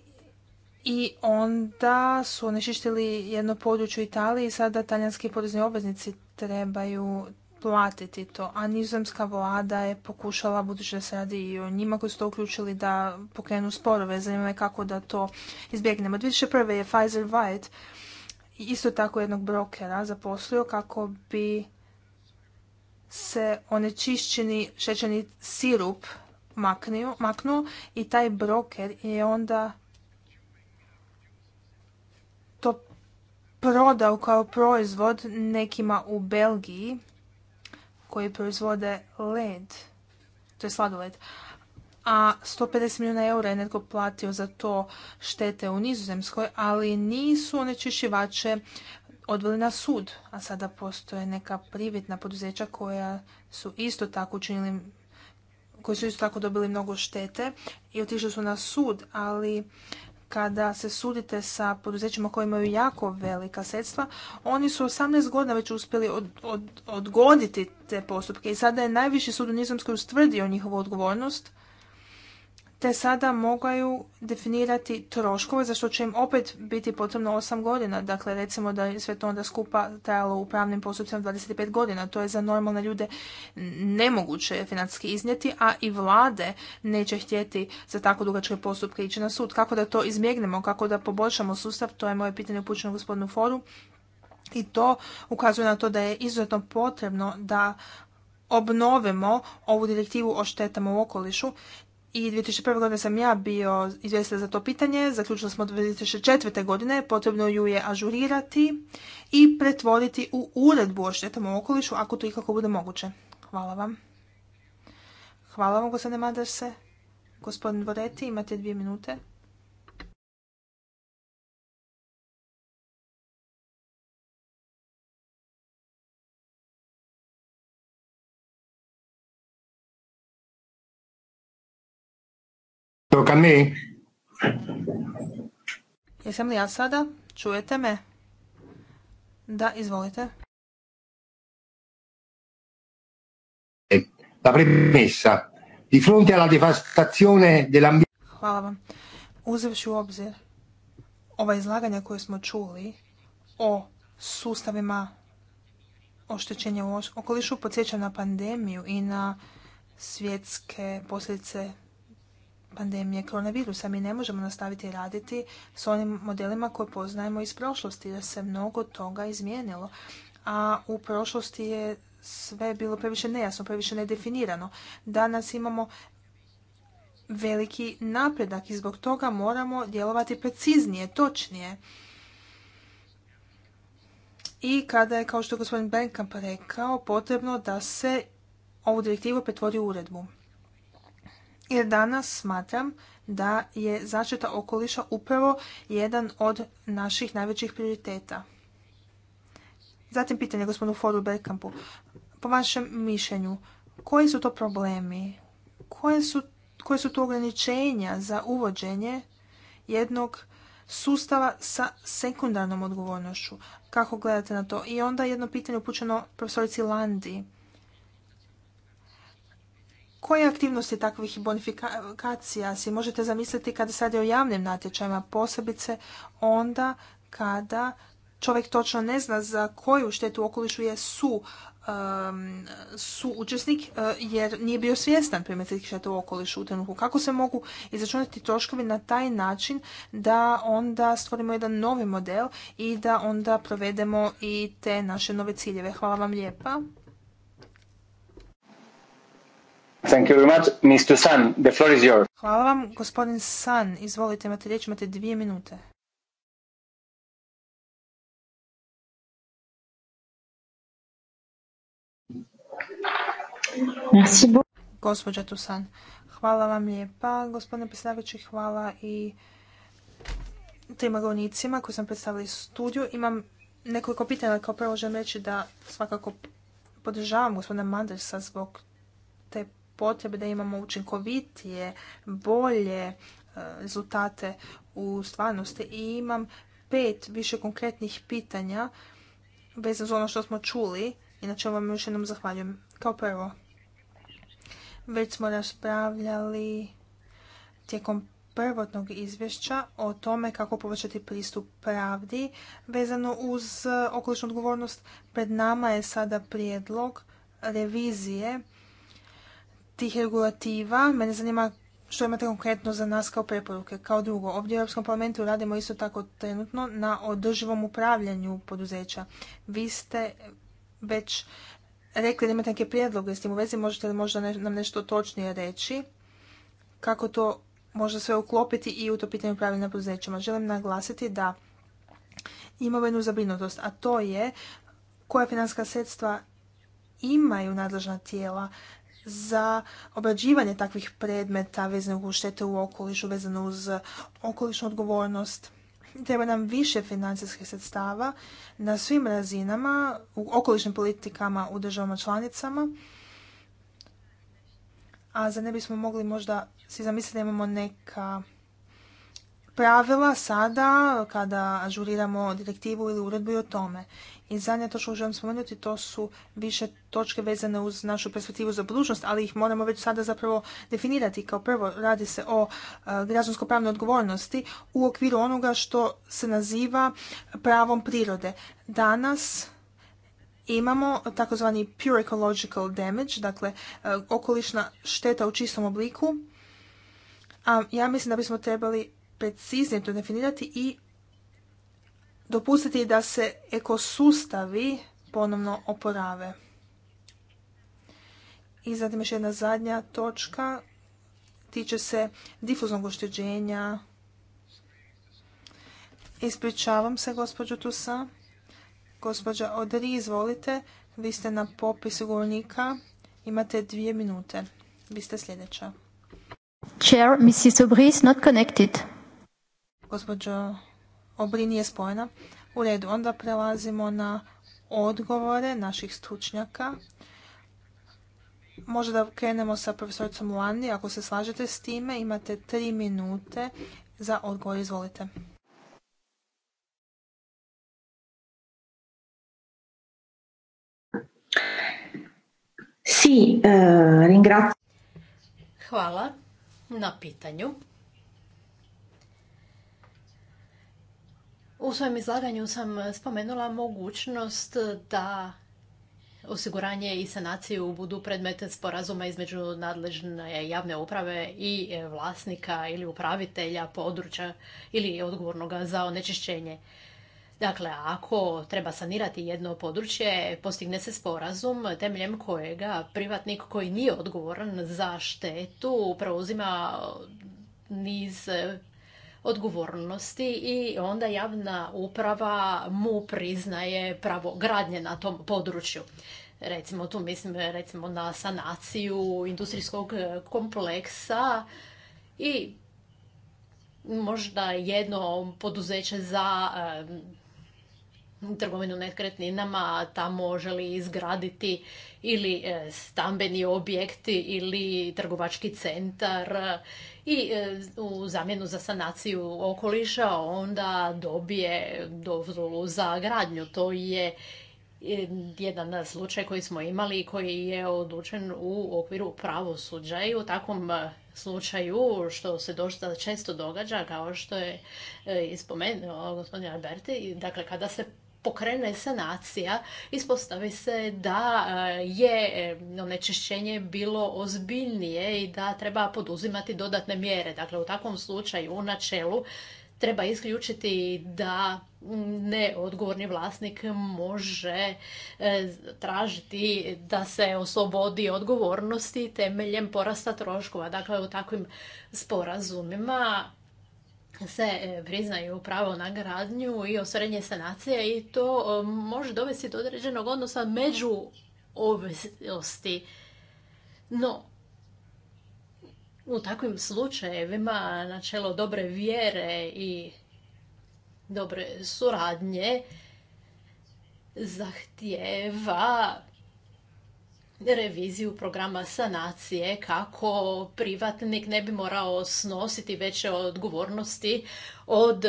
i onda su onečištili jedno područje u Italiji i sada talijanski porezni obveznici trebaju platiti to. A nizozemska vlada je pokušala, budući da se radi i o njima koji su to uključili, da pokrenu sporove. Zanima je kako da to izbjegnemo. 2001. je Pfizer White isto tako jednog brokera zaposlio kako bi se onečišćeni šećerni sirup maknuo i taj broker je onda prodao kao proizvod nekima u Belgiji koji proizvode led, to je sladoled, a 150 milijuna eura je netko platio za to štete u Nizozemskoj, ali nisu onečišćivače odveli na sud, a sada postoje neka privitna poduzeća koja su isto tako učinili koji su isto tako dobili mnogo štete i otišli su na sud, ali kada se sudite sa poduzećima koji imaju jako velika sredstva, oni su 18 godina već uspjeli od, odgoditi te postupke i sada je najviši sud u Nizomskoj ustvrdio njihovu odgovornost te sada mogaju definirati troškove za što će im opet biti potrebno 8 godina. Dakle, recimo da je sve to onda skupa trajalo u pravnim postupcima 25 godina. To je za normalne ljude nemoguće financijski iznijeti, a i vlade neće htjeti za tako dugačke postupke ići na sud. Kako da to izmjegnemo? kako da poboljšamo sustav, to je moje pitanje upućeno gospodinu Foru. I to ukazuje na to da je izuzetno potrebno da obnovimo ovu direktivu o štetama u okolišu i 2001. godine sam ja bio izvjestila za to pitanje. Zaključili smo 2004. godine. Potrebno ju je ažurirati i pretvoriti u uredbu o štetom okolišu, ako to ikako bude moguće. Hvala vam. Hvala vam, gospodine Madarse. Gospodin Voreti, imate dvije minute. Jesam li ja sada? Čujete me? Da, izvolite. E, la premessa. Di fronte alla devastazione dell'ambiente... Hvala vam. Uzevši u obzir ova izlaganja koje smo čuli o sustavima oštećenja u okolišu podsjeća na pandemiju i na svjetske posljedice pandemije koronavirusa. Mi ne možemo nastaviti raditi s onim modelima koje poznajemo iz prošlosti, jer se mnogo toga izmijenilo. A u prošlosti je sve bilo previše nejasno, previše nedefinirano. Danas imamo veliki napredak i zbog toga moramo djelovati preciznije, točnije. I kada je, kao što je gospodin Benkamp rekao, potrebno da se ovu direktivu pretvori u uredbu jer danas smatram da je zaštita okoliša upravo jedan od naših najvećih prioriteta. Zatim pitanje gospodinu Fordu Bergkampu. Po vašem mišljenju, koji su to problemi? Koje su, koje su to ograničenja za uvođenje jednog sustava sa sekundarnom odgovornošću? Kako gledate na to? I onda jedno pitanje upućeno profesorici Landi koje aktivnosti takvih bonifikacija si možete zamisliti kada se radi o javnim natječajima, posebice onda kada čovjek točno ne zna za koju štetu okolišu je su, su učesnik eh, jer nije bio svjestan primjerice šteta u okolišu u trenutku. Kako se mogu izračunati troškovi na taj način da onda stvorimo jedan novi model i da onda provedemo i te naše nove ciljeve. Hvala vam lijepa. Thank you very much. Mr. the floor is yours. Hvala vam, gospodin San. Izvolite, imate riječ, imate dvije minute. Merci Gospođa Tusan, hvala vam lijepa, gospodine predsjedavajući, hvala i trima govornicima koji sam predstavili studiju. Imam nekoliko pitanja, kao prvo želim reći da svakako podržavam gospodina Mandersa zbog potrebe da imamo učinkovitije, bolje e, rezultate u stvarnosti i imam pet više konkretnih pitanja vezano za ono što smo čuli i na čemu vam još jednom zahvaljujem. Kao prvo, već smo raspravljali tijekom prvotnog izvješća o tome kako povećati pristup pravdi vezano uz okolišnu odgovornost. Pred nama je sada prijedlog revizije tih regulativa. Mene zanima što imate konkretno za nas kao preporuke. Kao drugo, ovdje u Europskom parlamentu radimo isto tako trenutno na održivom upravljanju poduzeća. Vi ste već rekli da imate neke prijedloge s tim u vezi, možete li možda nam nešto točnije reći kako to možda sve uklopiti i u to pitanje upravljanja poduzećima. Želim naglasiti da imamo jednu zabrinutost, a to je koja financijska sredstva imaju nadležna tijela za obrađivanje takvih predmeta vezanog u štete u okolišu, vezano uz okolišnu odgovornost. Treba nam više financijskih sredstava na svim razinama, u okolišnim politikama u državama članicama. A za ne bismo mogli možda si zamisliti da imamo neka pravila sada kada ažuriramo direktivu ili uredbu i o tome. I zadnja to što želim spomenuti, to su više točke vezane uz našu perspektivu za budućnost, ali ih moramo već sada zapravo definirati. Kao prvo, radi se o e, građansko-pravnoj odgovornosti u okviru onoga što se naziva pravom prirode. Danas imamo takozvani pure ecological damage, dakle e, okolišna šteta u čistom obliku, a ja mislim da bismo trebali preciznije to definirati i dopustiti da se ekosustavi ponovno oporave. I zatim još jedna zadnja točka tiče se difuznog ušteđenja. Ispričavam se, gospođo Tusa. Gospođa Odri, izvolite. Vi ste na popisu govornika. Imate dvije minute. Vi ste sljedeća. Chair, Mrs. Obris, not connected. Gospođo Obrin je spojena. U redu, onda prelazimo na odgovore naših stručnjaka. Možda da krenemo sa profesoricom Landi, ako se slažete s time, imate tri minute za odgovor, izvolite. Eh, Hvala na pitanju. U svojem izlaganju sam spomenula mogućnost da osiguranje i sanaciju budu predmet sporazuma između nadležne javne uprave i e, vlasnika ili upravitelja područja ili odgovornoga za onečišćenje. Dakle, ako treba sanirati jedno područje, postigne se sporazum temeljem kojega privatnik koji nije odgovoran za štetu preuzima niz odgovornosti i onda javna uprava mu priznaje pravo gradnje na tom području. Recimo, tu mislim recimo na sanaciju industrijskog e, kompleksa i možda jedno poduzeće za e, trgovinu nekretninama tamo želi izgraditi ili e, stambeni objekti ili trgovački centar i e, u zamjenu za sanaciju okoliša onda dobije dozvolu za gradnju. To je jedan slučaj koji smo imali i koji je odlučen u okviru pravosuđa i u takvom slučaju što se dosta često događa kao što je e, spomenuo gospodin Alberti, dakle kada se pokrene sanacija, ispostavi se da eh, je onečišćenje bilo ozbiljnije i da treba poduzimati dodatne mjere. Dakle, u takvom slučaju u načelu treba isključiti da neodgovorni vlasnik može eh, tražiti da se oslobodi odgovornosti temeljem porasta troškova. Dakle, u takvim sporazumima se e, priznaju pravo na gradnju i osvrednje sanacije i to e, može dovesti do određenog odnosa među ovisnosti. No, u takvim slučajevima načelo dobre vjere i dobre suradnje zahtjeva reviziju programa sanacije kako privatnik ne bi morao snositi veće odgovornosti od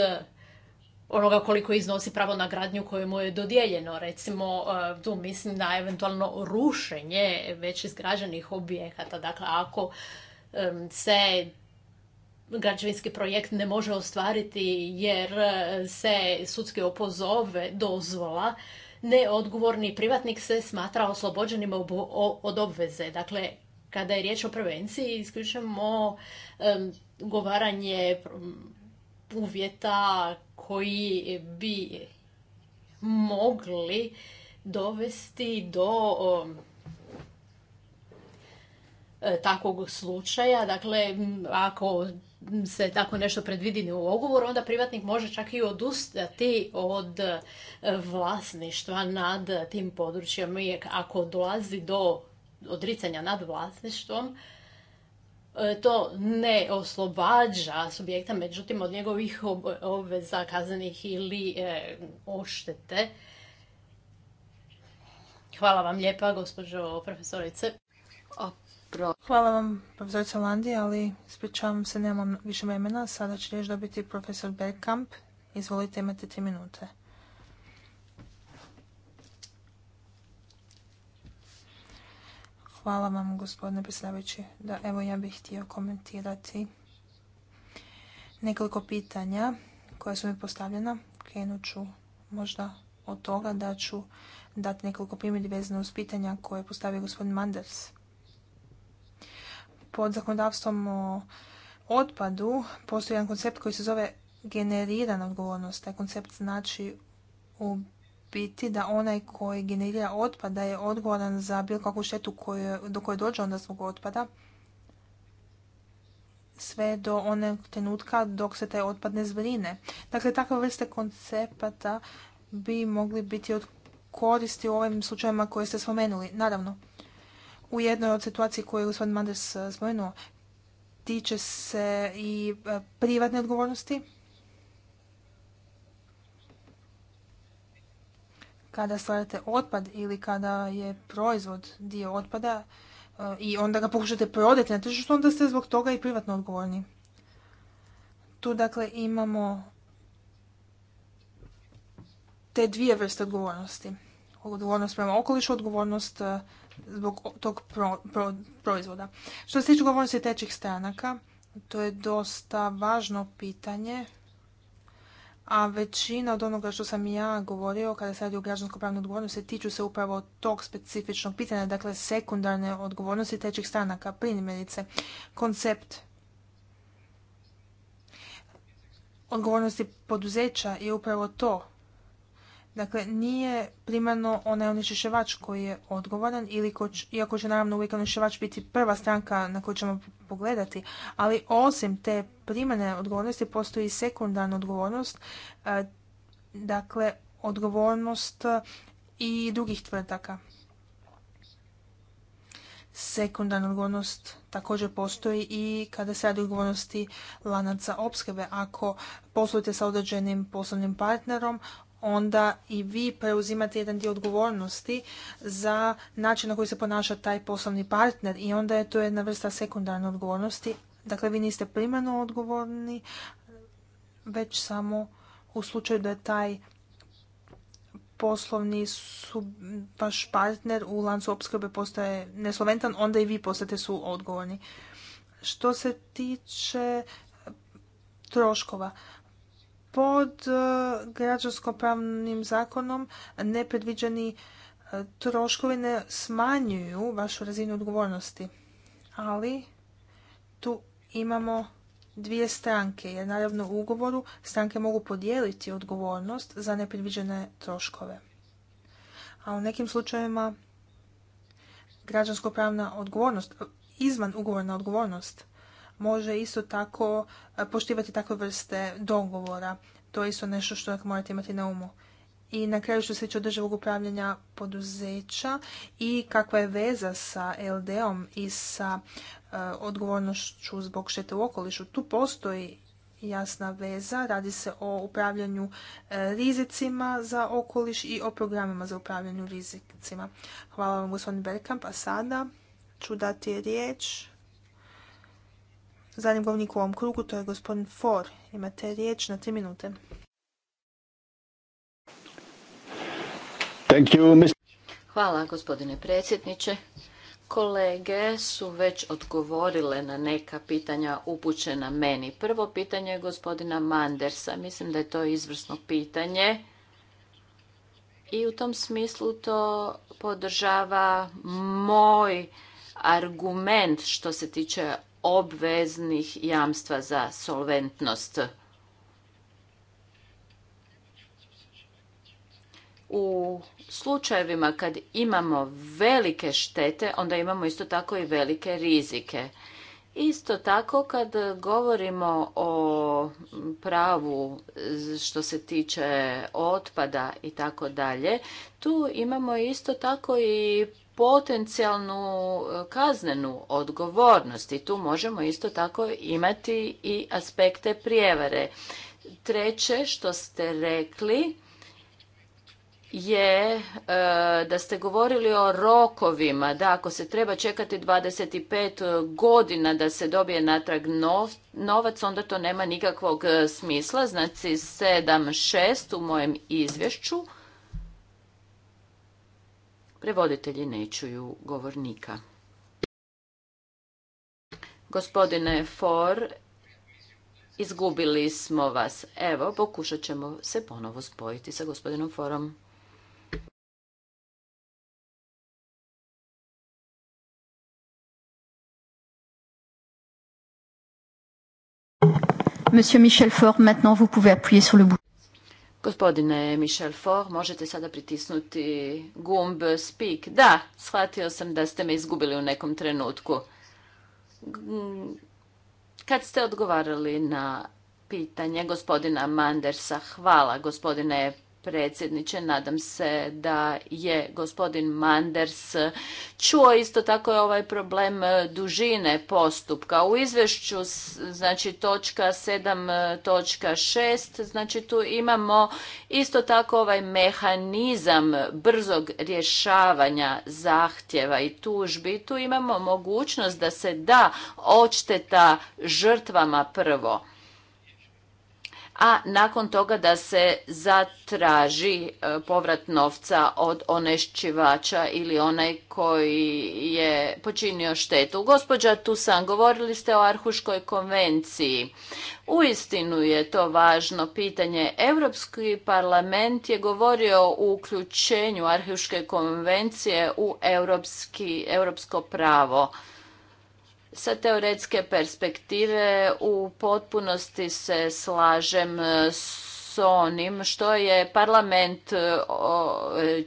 onoga koliko iznosi pravo na gradnju koje mu je dodijeljeno. Recimo, e, tu mislim na eventualno rušenje već izgrađenih objekata. Dakle, ako se građevinski projekt ne može ostvariti jer e, se sudski opozove dozvola, neodgovorni privatnik se smatra oslobođenim od obveze. Dakle, kada je riječ o prevenciji, isključujemo govaranje uvjeta koji bi mogli dovesti do e, takvog slučaja. Dakle, ako se tako nešto predvidi u ugovoru, onda privatnik može čak i odustati od e, vlasništva nad tim područjem. I ako dolazi do odricanja nad vlasništvom, e, to ne oslobađa subjekta, međutim od njegovih obveza kaznenih ili e, oštete. Hvala vam lijepa, gospođo profesorice. Hvala vam, profesorica Landi, ali ispričavam se, nemam više vremena. Sada će riječ dobiti profesor Bergkamp. Izvolite, imate tri minute. Hvala vam, gospodine predsjedavajući. Da, evo ja bih htio komentirati nekoliko pitanja koja su mi postavljena. Krenut ću možda od toga da ću dati nekoliko primjeri vezano uz pitanja koje je postavio gospodin Manders pod zakonodavstvom o otpadu postoji jedan koncept koji se zove generirana odgovornost. Taj koncept znači u biti da onaj koji generira otpad da je odgovoran za bilo kakvu štetu do koje dođe onda zbog otpada sve do onog trenutka dok se taj otpad ne zbrine. Dakle, takve vrste koncepata bi mogli biti od koristi u ovim slučajevima koje ste spomenuli. Naravno, u jednoj od situaciji koju je gospodin Manders e, spomenuo, tiče se i e, privatne odgovornosti. Kada stvarate otpad ili kada je proizvod dio otpada e, i onda ga pokušate prodati na tržištu, onda ste zbog toga i privatno odgovorni. Tu dakle imamo te dvije vrste odgovornosti. Odgovornost prema okolišu, odgovornost zbog tog proizvoda. Što se tiče govornosti tečih stranaka, to je dosta važno pitanje, a većina od onoga što sam ja govorio kada se radi o građansko-pravnoj odgovornosti tiču se upravo tog specifičnog pitanja, dakle sekundarne odgovornosti tečih stranaka, primjerice koncept odgovornosti poduzeća je upravo to Dakle, nije primarno onaj onečišćivač koji je odgovoran, ili iako će naravno uvijek onečišćivač biti prva stranka na koju ćemo pogledati, ali osim te primarne odgovornosti postoji i sekundarna odgovornost, e, dakle, odgovornost e, i drugih tvrtaka. Sekundarna odgovornost također postoji i kada se radi o odgovornosti lanaca opskrbe. Ako poslujete sa određenim poslovnim partnerom, onda i vi preuzimate jedan dio odgovornosti za način na koji se ponaša taj poslovni partner i onda je to jedna vrsta sekundarne odgovornosti. Dakle, vi niste primarno odgovorni, već samo u slučaju da je taj poslovni su vaš partner u lancu opskrbe postaje nesloventan, onda i vi postate su odgovorni. Što se tiče troškova, pod e, građansko-pravnim zakonom nepredviđeni e, troškovi ne smanjuju vašu razinu odgovornosti. Ali tu imamo dvije stranke, jer naravno u ugovoru stranke mogu podijeliti odgovornost za nepredviđene troškove. A u nekim slučajevima građansko-pravna odgovornost, izvan ugovorna odgovornost, može isto tako e, poštivati takve vrste dogovora. To je isto nešto što morate imati na umu. I na kraju što se tiče održivog upravljanja poduzeća i kakva je veza sa LD-om i sa e, odgovornošću zbog štete u okolišu. Tu postoji jasna veza, radi se o upravljanju e, rizicima za okoliš i o programima za upravljanju rizicima. Hvala vam gospodin Berkamp, a sada ću dati riječ zadnjem u ovom krugu to je gospodin For. Imate riječ na tri minute. Hvala gospodine predsjedniče. Kolege su već odgovorile na neka pitanja upućena meni. Prvo pitanje je gospodina Mandersa. Mislim da je to izvrsno pitanje i u tom smislu to podržava moj argument što se tiče obveznih jamstva za solventnost. U slučajevima kad imamo velike štete, onda imamo isto tako i velike rizike. Isto tako kad govorimo o pravu što se tiče otpada i tako dalje, tu imamo isto tako i potencijalnu e, kaznenu odgovornost i tu možemo isto tako imati i aspekte prijevare. Treće što ste rekli je e, da ste govorili o rokovima, da ako se treba čekati 25 godina da se dobije natrag novac, onda to nema nikakvog e, smisla. Znači 7.6 u mojem izvješću Prevoditelji ne čuju govornika. Gospodine For, izgubili smo vas. Evo, pokušat ćemo se ponovo spojiti sa gospodinom Forom. Monsieur Michel For, maintenant vous pouvez appuyer sur le bouton. Gospodine Michel Faure, možete sada pritisnuti gumb speak. Da, shvatio sam da ste me izgubili u nekom trenutku. Kad ste odgovarali na pitanje gospodina Mandersa, hvala gospodine predsjedniče. Nadam se da je gospodin Manders čuo isto tako je ovaj problem dužine postupka. U izvješću znači točka 7 točka 6 znači tu imamo isto tako ovaj mehanizam brzog rješavanja zahtjeva i tužbi. Tu imamo mogućnost da se da odšteta žrtvama prvo a nakon toga da se zatraži e, povrat novca od onešćivača ili onaj koji je počinio štetu. Gospođa Tusan, govorili ste o Arhuškoj konvenciji. Uistinu je to važno pitanje. Europski parlament je govorio o uključenju Arhuške konvencije u europski, europsko pravo. Sa teoretske perspektive u potpunosti se slažem e, s onim što je parlament e,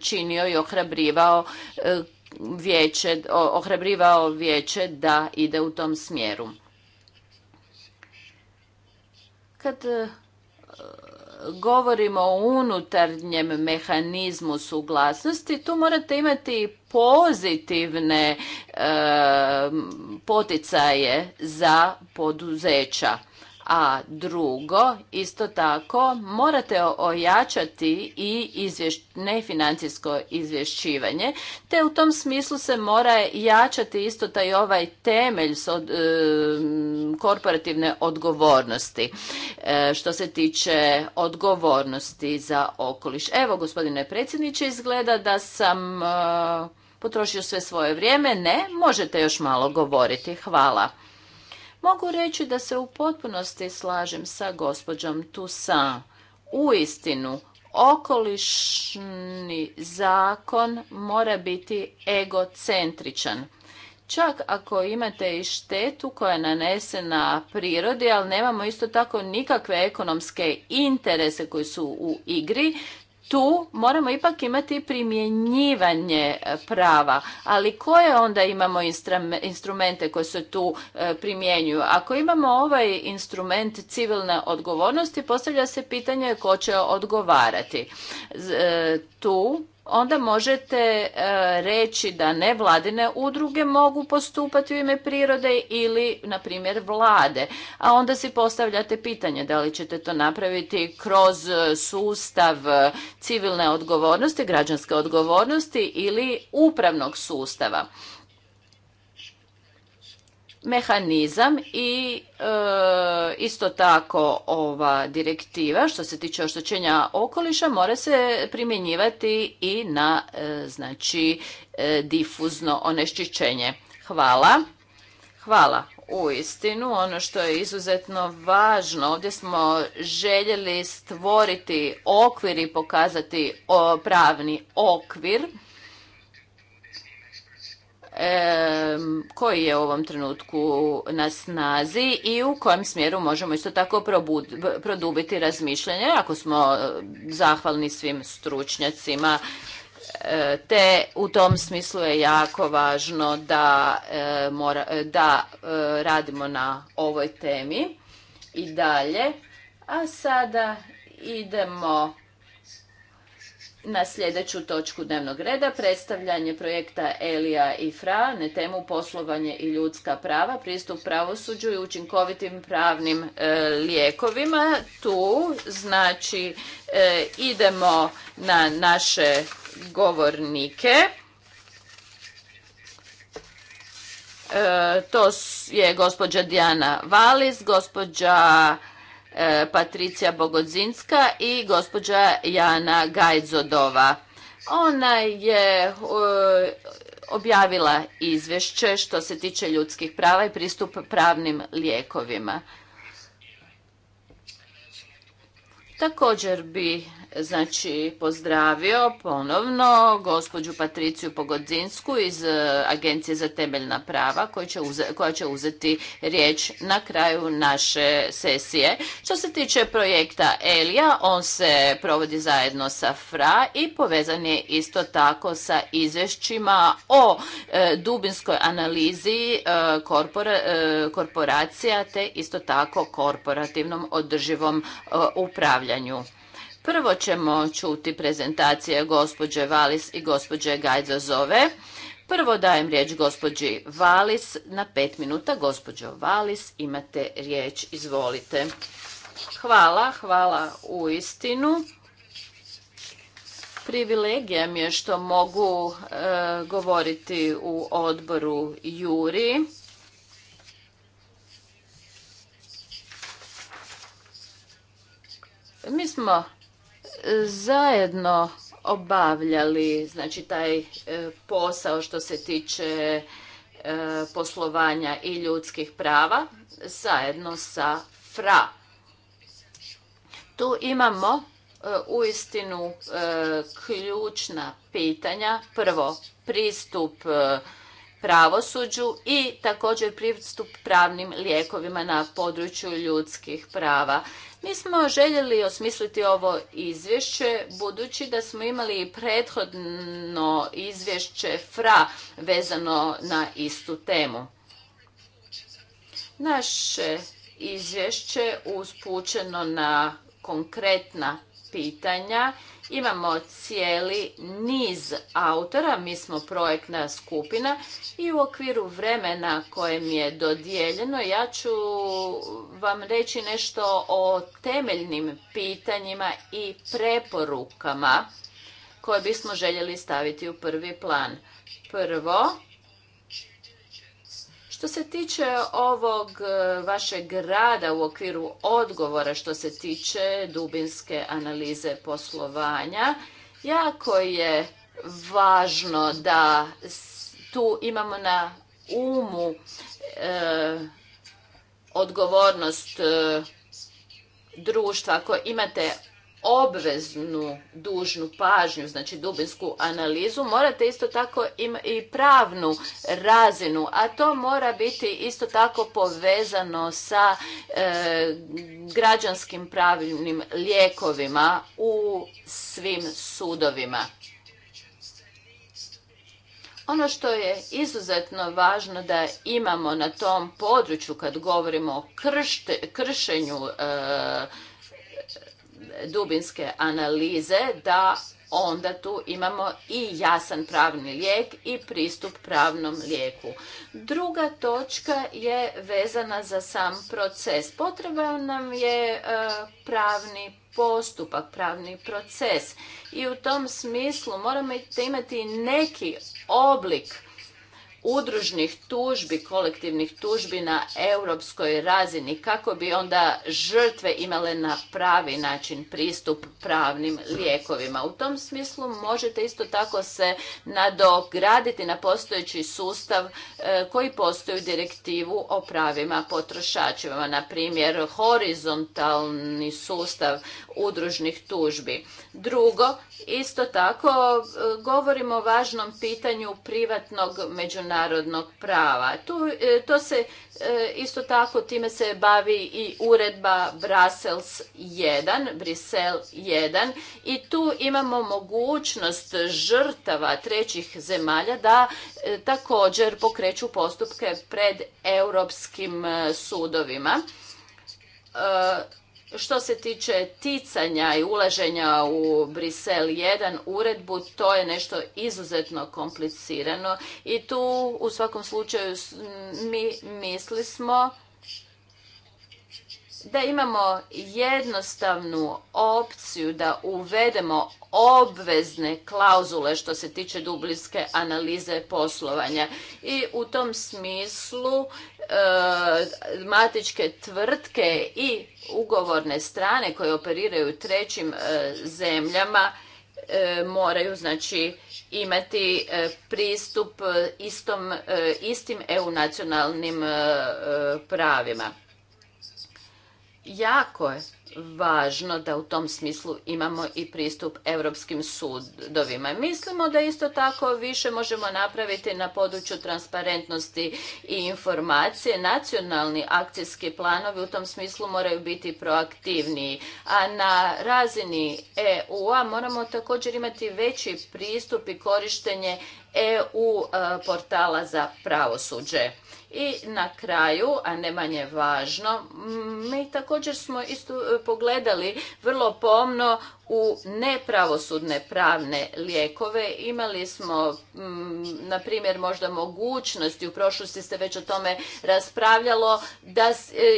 činio i ohrabrivao e, vijeće, ohrabrivao vijeće da ide u tom smjeru. Kad govorimo o unutarnjem mehanizmu suglasnosti, tu morate imati pozitivne e, poticaje za poduzeća a drugo, isto tako, morate ojačati i nefinancijsko izvješćivanje, te u tom smislu se mora jačati isto taj ovaj temelj korporativne odgovornosti e, što se tiče odgovornosti za okoliš. Evo, gospodine predsjedniče, izgleda da sam... E, potrošio sve svoje vrijeme. Ne, možete još malo govoriti. Hvala. Mogu reći da se u potpunosti slažem sa gospođom Tusa. U istinu, okolišni zakon mora biti egocentričan. Čak ako imate i štetu koja je nanesena prirodi, ali nemamo isto tako nikakve ekonomske interese koji su u igri, tu moramo ipak imati primjenjivanje e, prava, ali koje onda imamo instrumente koje se tu e, primjenjuju? Ako imamo ovaj instrument civilne odgovornosti, postavlja se pitanje ko će odgovarati. E, tu onda možete e, reći da nevladine udruge mogu postupati u ime prirode ili, na primjer, vlade. A onda si postavljate pitanje da li ćete to napraviti kroz e, sustav e, civilne odgovornosti, građanske odgovornosti ili upravnog sustava mehanizam i e, isto tako ova direktiva što se tiče oštećenja okoliša mora se primjenjivati i na e, znači e, difuzno onečišćenje. Hvala. Hvala. U istinu, ono što je izuzetno važno, ovdje smo željeli stvoriti okvir i pokazati pravni okvir koji je u ovom trenutku na snazi i u kojem smjeru možemo isto tako produbiti razmišljanje. Ako smo eh, zahvalni svim stručnjacima, eh, te u tom smislu je jako važno da, eh, da radimo na ovoj temi i dalje. A sada idemo na sljedeću točku dnevnog reda predstavljanje projekta Elija i Fra na temu poslovanje i ljudska prava, pristup pravosuđu i učinkovitim pravnim e, lijekovima. Tu znači e, idemo na naše govornike. E, to je gospođa Dijana Valis, gospođa E, Patricija Bogodzinska i gospođa Jana Gajzodova. Ona je e, objavila izvješće što se tiče ljudskih prava i pristup pravnim lijekovima. Također bi znači pozdravio ponovno gospođu Patriciju Pogodzinsku iz e, Agencije za temeljna prava koja će, uzeti riječ na kraju naše sesije. Što se tiče projekta Elija, on se provodi zajedno sa FRA i povezan je isto tako sa izvješćima o e, dubinskoj analizi e, korporacija te isto tako korporativnom održivom upravljanju. Prvo ćemo čuti prezentacije gospođe Valis i gospođe Zove. Prvo dajem riječ gospođi Valis na pet minuta. Gospođo Valis, imate riječ, izvolite. Hvala, hvala u istinu. Privilegija mi je što mogu e, govoriti u odboru Juri. Mi smo zajedno obavljali znači taj e, posao što se tiče e, poslovanja i ljudskih prava zajedno sa FRA. Tu imamo e, uistinu ključna pitanja. Prvo, pristup pravosuđu i također pristup pravnim lijekovima na području ljudskih prava. Mi smo željeli osmisliti ovo izvješće budući da smo imali prethodno izvješće FRA vezano na istu temu. Naše izvješće uspučeno na konkretna pitanja Imamo cijeli niz autora, mi smo projektna skupina i u okviru vremena kojem je dodijeljeno ja ću vam reći nešto o temeljnim pitanjima i preporukama koje bismo željeli staviti u prvi plan. Prvo, što se tiče ovog e, vašeg rada u okviru odgovora, što se tiče dubinske analize poslovanja, jako je važno da tu imamo na umu e, odgovornost e, društva. Ako imate obveznu dužnu pažnju, znači dubinsku analizu, morate isto tako i pravnu razinu, a to mora biti isto tako povezano sa e, građanskim pravilnim lijekovima u svim sudovima. Ono što je izuzetno važno da imamo na tom području kad govorimo o kršte, kršenju e, dubinske analize da onda tu imamo i jasan pravni lijek i pristup pravnom lijeku. Druga točka je vezana za sam proces. Potreban nam je e, pravni postupak, pravni proces i u tom smislu moramo imati neki oblik udružnih tužbi, kolektivnih tužbi na europskoj razini kako bi onda žrtve imale na pravi način pristup pravnim lijekovima. U tom smislu možete isto tako se nadograditi na postojeći sustav e, koji postoji u direktivu o pravima potrošačima, na primjer horizontalni sustav udružnih tužbi. Drugo, isto tako e, govorimo o važnom pitanju privatnog međunarodnog međunarodnog prava. Tu, e, to se e, isto tako time se bavi i uredba Brussels 1, Brisel 1 i tu imamo mogućnost žrtava trećih zemalja da e, također pokreću postupke pred europskim sudovima. Što se tiče ticanja i ulaženja u Brisel 1 uredbu, to je nešto izuzetno komplicirano i tu u svakom slučaju mi mislili smo da imamo jednostavnu opciju da uvedemo obvezne klauzule što se tiče dublinske analize poslovanja i u tom smislu e, matičke tvrtke i ugovorne strane koje operiraju trećim e, zemljama e, moraju znači imati pristup istom, istim EU nacionalnim pravima jako je važno da u tom smislu imamo i pristup europskim sudovima. Mislimo da isto tako više možemo napraviti na području transparentnosti i informacije. Nacionalni akcijski planovi u tom smislu moraju biti proaktivniji, a na razini EU-a moramo također imati veći pristup i korištenje EU e, portala za pravosuđe. I na kraju, a ne manje važno, mi također smo isto e, pogledali vrlo pomno u nepravosudne pravne lijekove. Imali smo, na primjer, možda mogućnosti, u prošlosti ste već o tome raspravljalo, da e,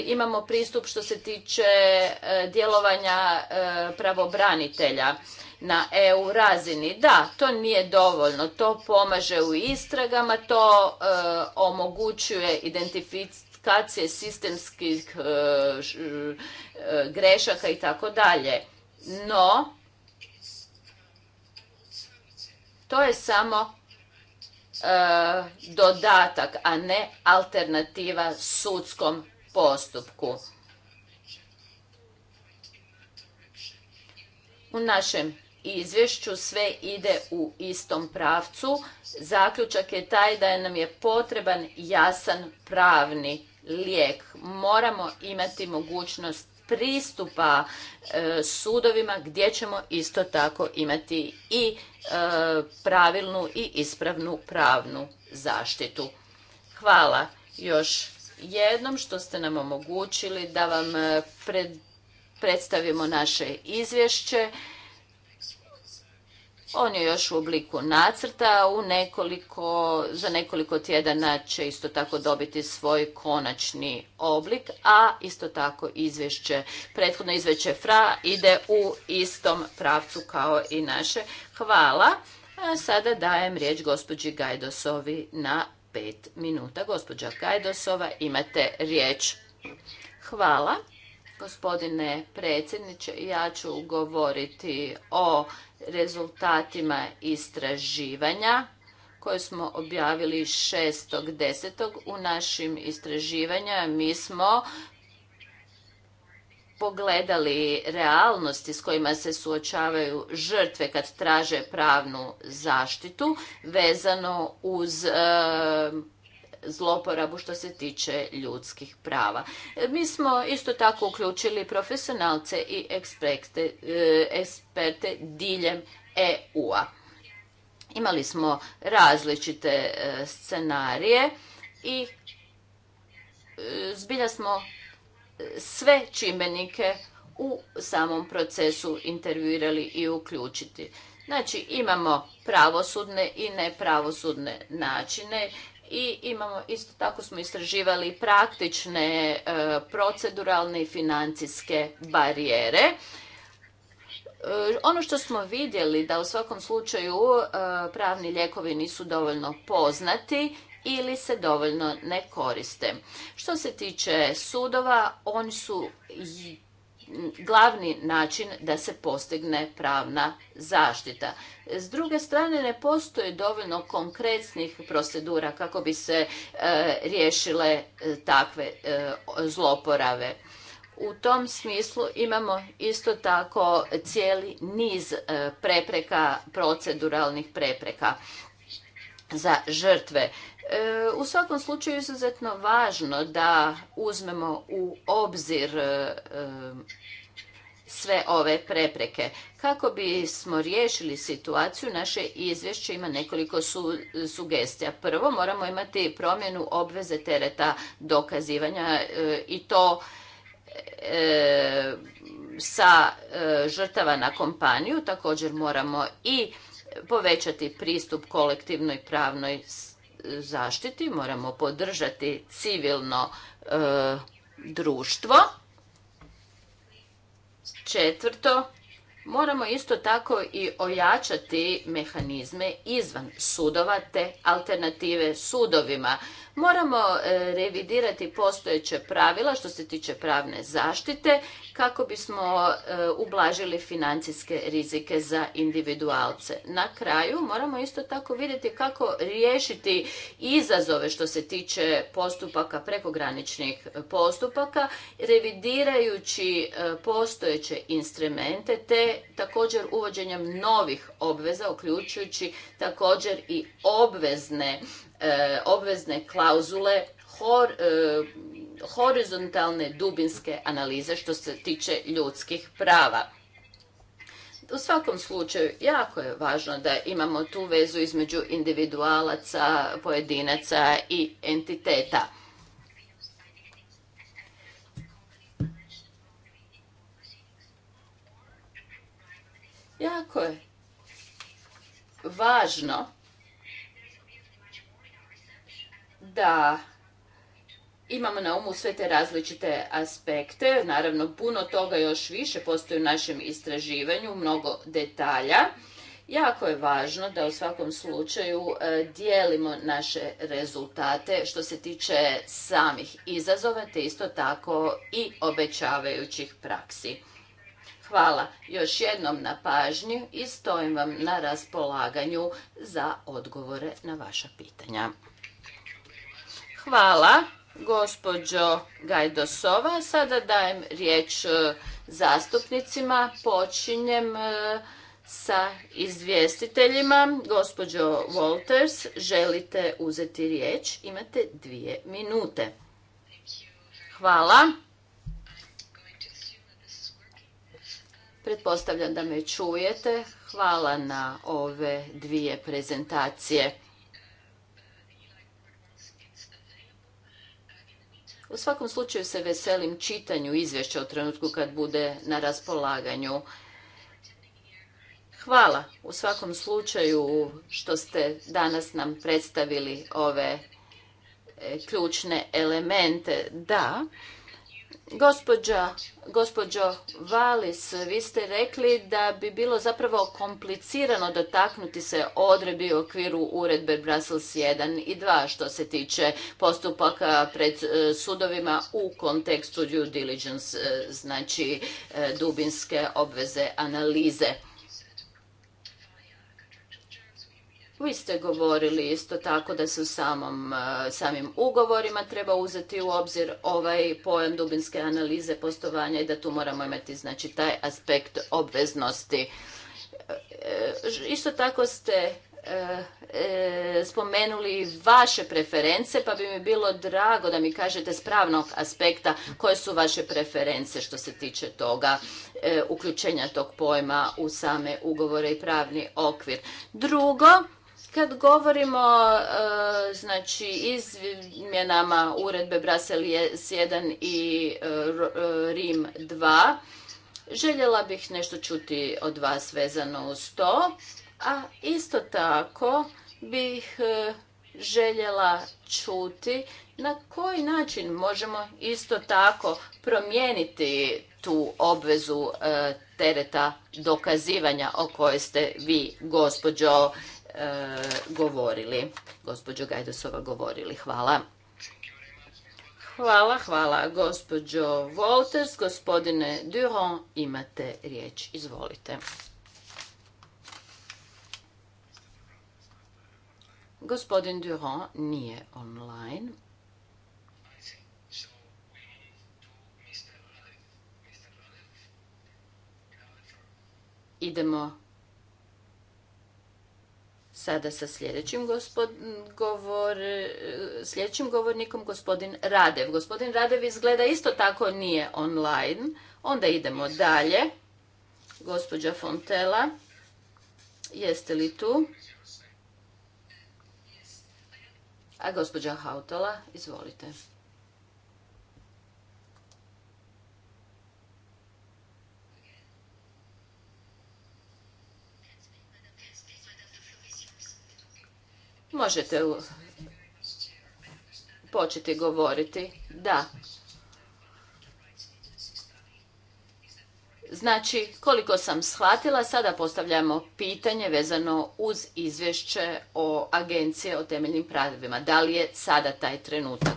imamo pristup što se tiče djelovanja pravobranitelja na EU razini. Da, to nije dovoljno. To pomaže u istragama, to e, omogućuje identifikacije sistemskih e, e, grešaka i tako dalje. No, to je samo dodatak, a ne alternativa sudskom postupku. U našem izvješću sve ide u istom pravcu. Zaključak je taj da nam je potreban jasan pravni lijek. Moramo imati mogućnost pristupa e, sudovima gdje ćemo isto tako imati i e, pravilnu i ispravnu pravnu zaštitu. Hvala još jednom što ste nam omogućili da vam e, predstavimo naše izvješće. On je još u obliku nacrta, u nekoliko, za nekoliko tjedana će isto tako dobiti svoj konačni oblik, a isto tako izvješće, prethodno izvješće FRA ide u istom pravcu kao i naše. Hvala. sada dajem riječ gospođi Gajdosovi na pet minuta. Gospođa Gajdosova, imate riječ. Hvala. Gospodine predsjedniče, ja ću govoriti o rezultatima istraživanja koje smo objavili 6.10. U našim istraživanja mi smo pogledali realnosti s kojima se suočavaju žrtve kad traže pravnu zaštitu vezano uz eh, zloporabu što se tiče ljudskih prava. E, mi smo isto tako uključili profesionalce i eksperte, e, eksperte diljem EU-a. Imali smo različite e, scenarije i zbilja smo sve čimbenike u samom procesu intervjuirali i uključiti. Znači imamo pravosudne i nepravosudne načine i imamo isto tako smo istraživali praktične e, proceduralne i financijske barijere. E, ono što smo vidjeli da u svakom slučaju e, pravni lijekovi nisu dovoljno poznati ili se dovoljno ne koriste. Što se tiče sudova, oni su glavni način da se postigne pravna zaštita. S druge strane ne postoji dovoljno konkretnih procedura kako bi se e, riješile e, takve e, zloporave. U tom smislu imamo isto tako cijeli niz prepreka, proceduralnih prepreka za žrtve. E, u svakom slučaju je izuzetno važno da uzmemo u obzir e, e, sve ove prepreke. Kako bismo riješili situaciju, naše izvješće ima nekoliko su, sugestija. Prvo, moramo imati promjenu obveze tereta dokazivanja i to sa žrtava na kompaniju. Također moramo i povećati pristup kolektivnoj pravnoj zaštiti, moramo podržati civilno e, društvo. Četvrto, moramo isto tako i ojačati mehanizme izvan sudova te alternative sudovima. Moramo e, revidirati postojeće pravila što se tiče pravne zaštite kako bismo e, ublažili financijske rizike za individualce. Na kraju moramo isto tako vidjeti kako riješiti izazove što se tiče postupaka, prekograničnih postupaka, revidirajući e, postojeće instrumente te također uvođenjem novih obveza, uključujući također i obvezne E, obvezne klauzule e, horizontalne dubinske analize što se tiče ljudskih prava. U svakom slučaju jako je važno da imamo tu vezu između individualaca, pojedinaca i entiteta. Jako je važno da imamo na umu sve te različite aspekte. Naravno, puno toga još više postoji u našem istraživanju, mnogo detalja. Jako je važno da u svakom slučaju e, dijelimo naše rezultate što se tiče samih izazova, te isto tako i obećavajućih praksi. Hvala još jednom na pažnju i stojim vam na raspolaganju za odgovore na vaša pitanja. Hvala, gospođo Gajdosova. Sada dajem riječ e, zastupnicima. Počinjem e, sa izvjestiteljima. Gospođo Wolters, želite uzeti riječ? Imate dvije minute. Hvala. Pretpostavljam da me čujete. Hvala na ove dvije prezentacije. U svakom slučaju se veselim čitanju izvješća u trenutku kad bude na raspolaganju. Hvala u svakom slučaju što ste danas nam predstavili ove e, ključne elemente. Da, Gospođa, gospođo Valis, vi ste rekli da bi bilo zapravo komplicirano dotaknuti se odredbi u okviru uredbe Brussels 1 i 2 što se tiče postupaka pred e, sudovima u kontekstu due diligence, e, znači e, dubinske obveze analize. Vi ste govorili isto tako da se u samom, eh, samim ugovorima treba uzeti u obzir ovaj pojam dubinske analize postovanja i da tu moramo imati znači taj aspekt obveznosti. Eh, eh, isto tako ste spomenuli vaše preference, pa bi mi bilo drago da mi kažete s pravnog aspekta koje su vaše preference što se tiče toga uključenja tog pojma u same ugovore i pravni okvir. Drugo, kad govorimo e, znači izmjenama uredbe Brasel 1 i e, e, Rim 2, željela bih nešto čuti od vas vezano uz to, a isto tako bih željela čuti na koji način možemo isto tako promijeniti tu obvezu tereta dokazivanja o kojoj ste vi, gospođo E, govorili, gospođo Gajdosova govorili. Hvala. Hvala, hvala. Gospođo Wolters, gospodine Duron, imate riječ. Izvolite. Gospodin Duron nije online. Idemo sada sa sljedećim, gospod, govor, sljedećim govornikom, gospodin Radev. Gospodin Radev izgleda isto tako nije online. Onda idemo dalje. Gospođa Fontela, jeste li tu? A gospođa Hautala, izvolite. Možete početi govoriti. Da. Znači, koliko sam shvatila, sada postavljamo pitanje vezano uz izvješće o agencije o temeljnim pravima. Da li je sada taj trenutak?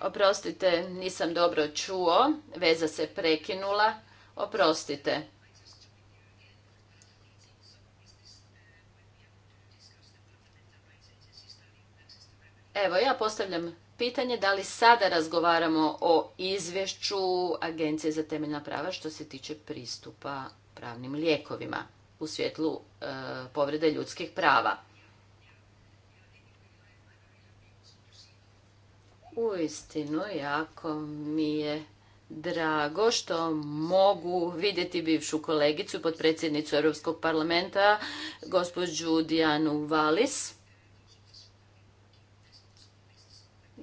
Oprostite, nisam dobro čuo, veza se prekinula. Oprostite. Evo, ja postavljam pitanje da li sada razgovaramo o izvješću Agencije za temeljna prava što se tiče pristupa pravnim lijekovima u svjetlu e, povrede ljudskih prava. Uistinu, jako mi je drago što mogu vidjeti bivšu kolegicu, potpredsjednicu Europskog parlamenta, gospođu Dijanu Valis.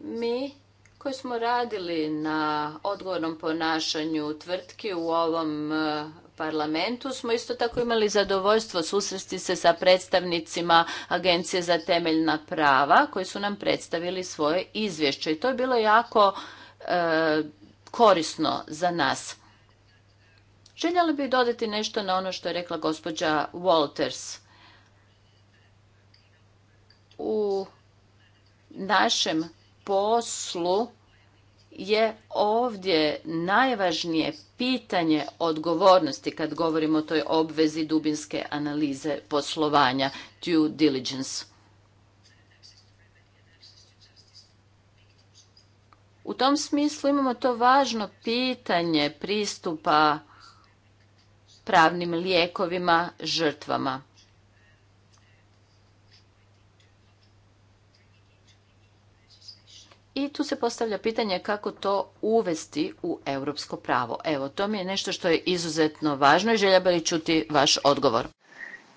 Mi koji smo radili na odgovornom ponašanju tvrtki u ovom e, parlamentu smo isto tako imali zadovoljstvo susresti se sa predstavnicima Agencije za temeljna prava koji su nam predstavili svoje izvješće i to je bilo jako e, korisno za nas. Željela bih dodati nešto na ono što je rekla gospođa Walters. U našem poslu je ovdje najvažnije pitanje odgovornosti kad govorimo o toj obvezi dubinske analize poslovanja due diligence. U tom smislu imamo to važno pitanje pristupa pravnim lijekovima žrtvama. i tu se postavlja pitanje kako to uvesti u europsko pravo. Evo, to mi je nešto što je izuzetno važno i želja bi li čuti vaš odgovor.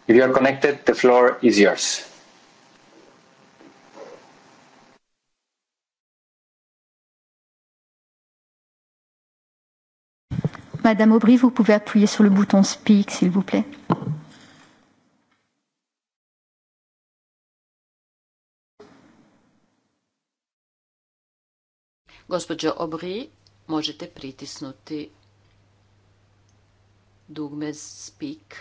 If you are connected, the floor is yours. Madame Aubry, vous pouvez appuyer sur le bouton speak, s'il vous plaît. Gospođo Obri, možete pritisnuti dugme Speak.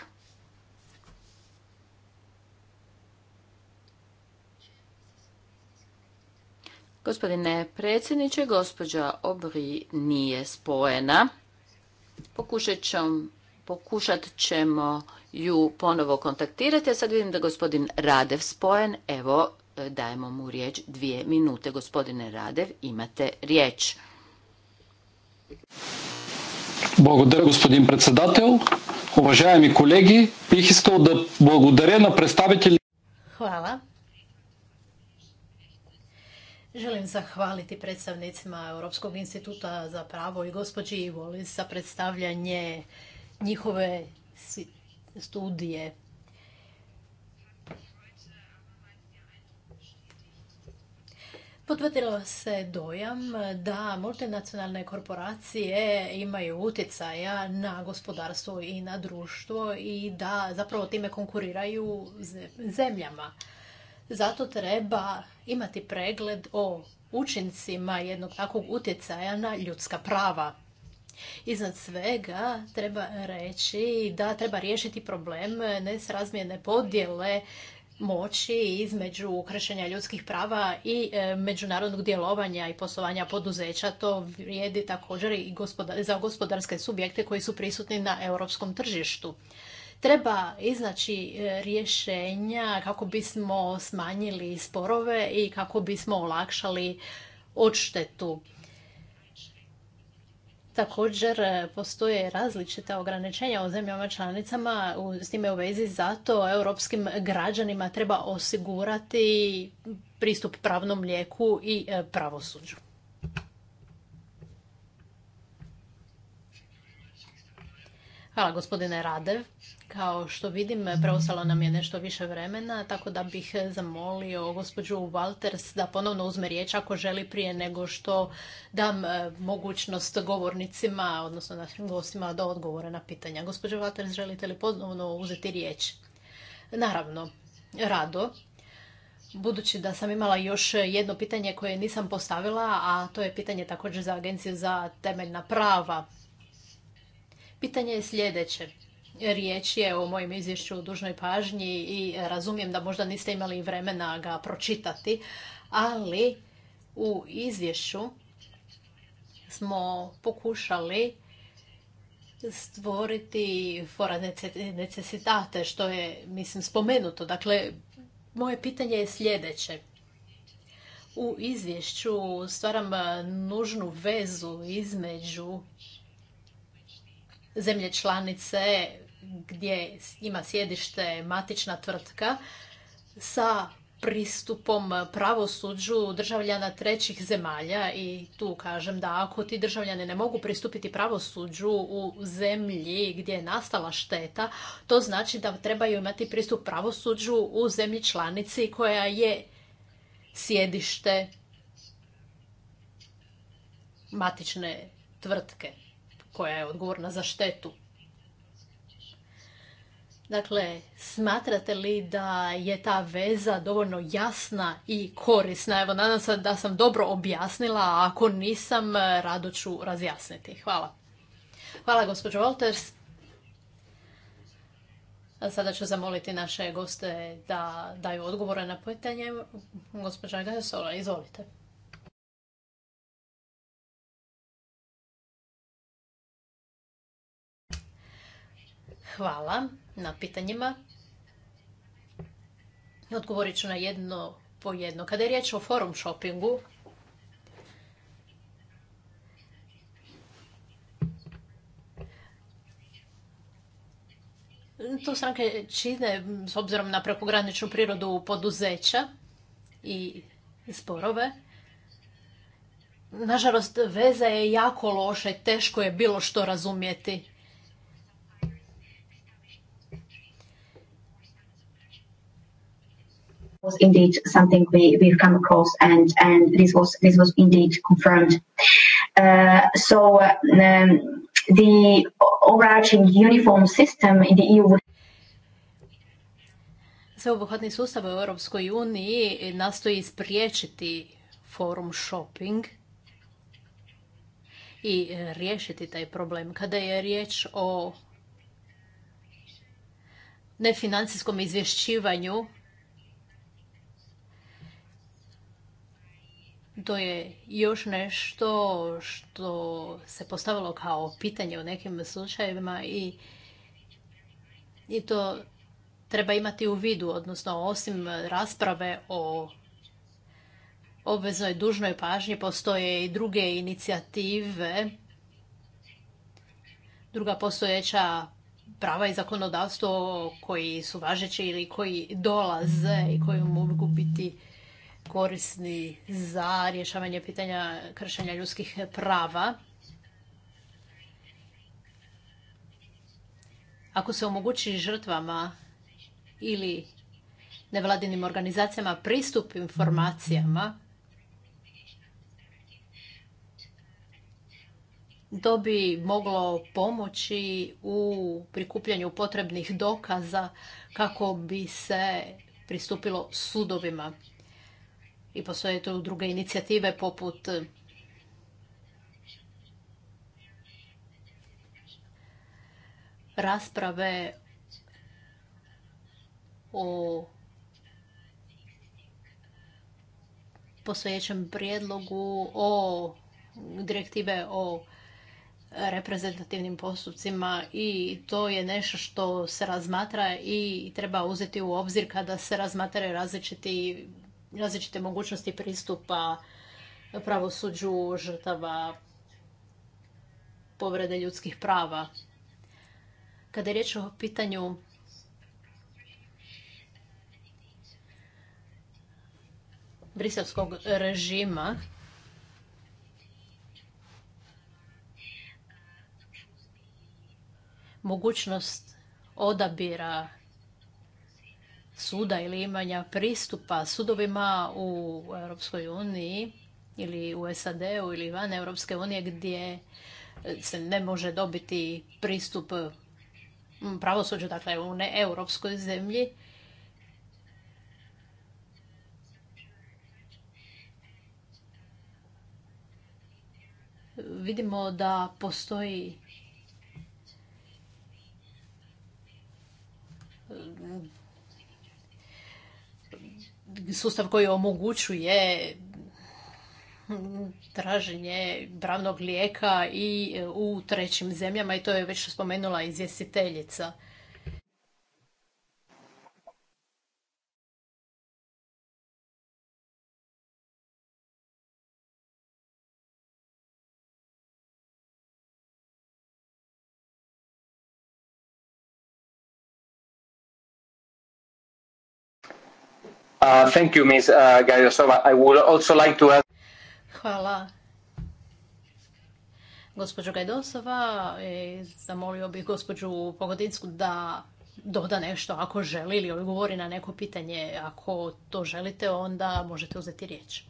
Gospodine predsjedniče, gospođa Obri nije spojena. Pokušat ćemo, pokušat ćemo ju ponovo kontaktirati. Ja sad vidim da je gospodin Radev spojen. Evo, E, dajemo mu riječ dvije minute. Gospodine Radev, imate riječ. Bogodar, gospodin predsjedatel, Uvažajami kolegi, bih istao da bogodare na predstavitelji. Hvala. Želim zahvaliti predstavnicima Europskog instituta za pravo i gospođi Ivoli za predstavljanje njihove studije Potvrdilo se dojam da multinacionalne korporacije imaju utjecaja na gospodarstvo i na društvo i da zapravo time konkuriraju zemljama. Zato treba imati pregled o učincima jednog takvog utjecaja na ljudska prava. Iznad svega treba reći da treba riješiti problem nesrazmjerne podjele moći između kršenja ljudskih prava i e, međunarodnog djelovanja i poslovanja poduzeća. To vrijedi također i za gospodarske subjekte koji su prisutni na europskom tržištu. Treba iznaći e, rješenja kako bismo smanjili sporove i kako bismo olakšali odštetu. Također e, postoje različita ograničenja o zemljama članicama s time u vezi zato europskim građanima treba osigurati pristup pravnom lijeku i e, pravosuđu. Hvala gospodine Radev. Kao što vidim, preostalo nam je nešto više vremena, tako da bih zamolio gospođu Walters da ponovno uzme riječ ako želi prije nego što dam e, mogućnost govornicima, odnosno našim gostima, da odgovore na pitanja. Gospođo Walters, želite li ponovno uzeti riječ? Naravno, rado. Budući da sam imala još jedno pitanje koje nisam postavila, a to je pitanje također za Agenciju za temeljna prava. Pitanje je sljedeće. Riječ je o mojem izvješću u dužnoj pažnji i razumijem da možda niste imali vremena ga pročitati, ali u izvješću smo pokušali stvoriti fora necesitate, što je, mislim, spomenuto. Dakle, moje pitanje je sljedeće. U izvješću stvaram nužnu vezu između zemlje članice gdje ima sjedište matična tvrtka sa pristupom pravosuđu državljana trećih zemalja i tu kažem da ako ti državljani ne mogu pristupiti pravosuđu u zemlji gdje je nastala šteta, to znači da trebaju imati pristup pravosuđu u zemlji članici koja je sjedište matične tvrtke koja je odgovorna za štetu. Dakle, smatrate li da je ta veza dovoljno jasna i korisna? Evo, nadam se da sam dobro objasnila, a ako nisam, rado ću razjasniti. Hvala. Hvala, gospođo Walters. Sada ću zamoliti naše goste da daju odgovore na pitanje. Gospođa Gajosola, izvolite. Hvala na pitanjima. Odgovorit ću na jedno po jedno. Kada je riječ o forum shoppingu, to stranke čine s obzirom na prekograničnu prirodu poduzeća i sporove. Nažalost, veza je jako loša i teško je bilo što razumjeti. was indeed something we, we've come across and, and this was this was indeed confirmed. Uh, so um, the overarching uniform system in the EU would Sveobuhvatni sustav u Europskoj uniji nastoji spriječiti forum shopping i riješiti taj problem. Kada je riječ o nefinancijskom izvješćivanju, To je još nešto što se postavilo kao pitanje u nekim slučajevima i, i to treba imati u vidu, odnosno osim rasprave o obveznoj dužnoj pažnji postoje i druge inicijative, druga postojeća prava i zakonodavstvo koji su važeći ili koji dolaze i koji mogu biti korisni za rješavanje pitanja kršenja ljudskih prava. Ako se omogući žrtvama ili nevladinim organizacijama pristup informacijama, to bi moglo pomoći u prikupljanju potrebnih dokaza kako bi se pristupilo sudovima i postoje tu druge inicijative poput e, rasprave o postojećem prijedlogu o direktive o reprezentativnim postupcima i to je nešto što se razmatra i treba uzeti u obzir kada se razmatraju različiti različite mogućnosti pristupa pravosuđu žrtava povrede ljudskih prava. Kada je riječ o pitanju briselskog režima, mogućnost odabira suda ili imanja pristupa sudovima u Europskoj uniji ili u SAD-u ili van Europske unije gdje se ne može dobiti pristup mm, pravosuđu, dakle u neeuropskoj zemlji. Vidimo da postoji sustav koji omogućuje traženje bravnog lijeka i u trećim zemljama i to je već spomenula izvjestiteljica. thank Hvala. Gospođo Gajdosova, e, zamolio bih gospođu Pogodinsku da doda nešto ako želi ili govori na neko pitanje. Ako to želite, onda možete uzeti riječ.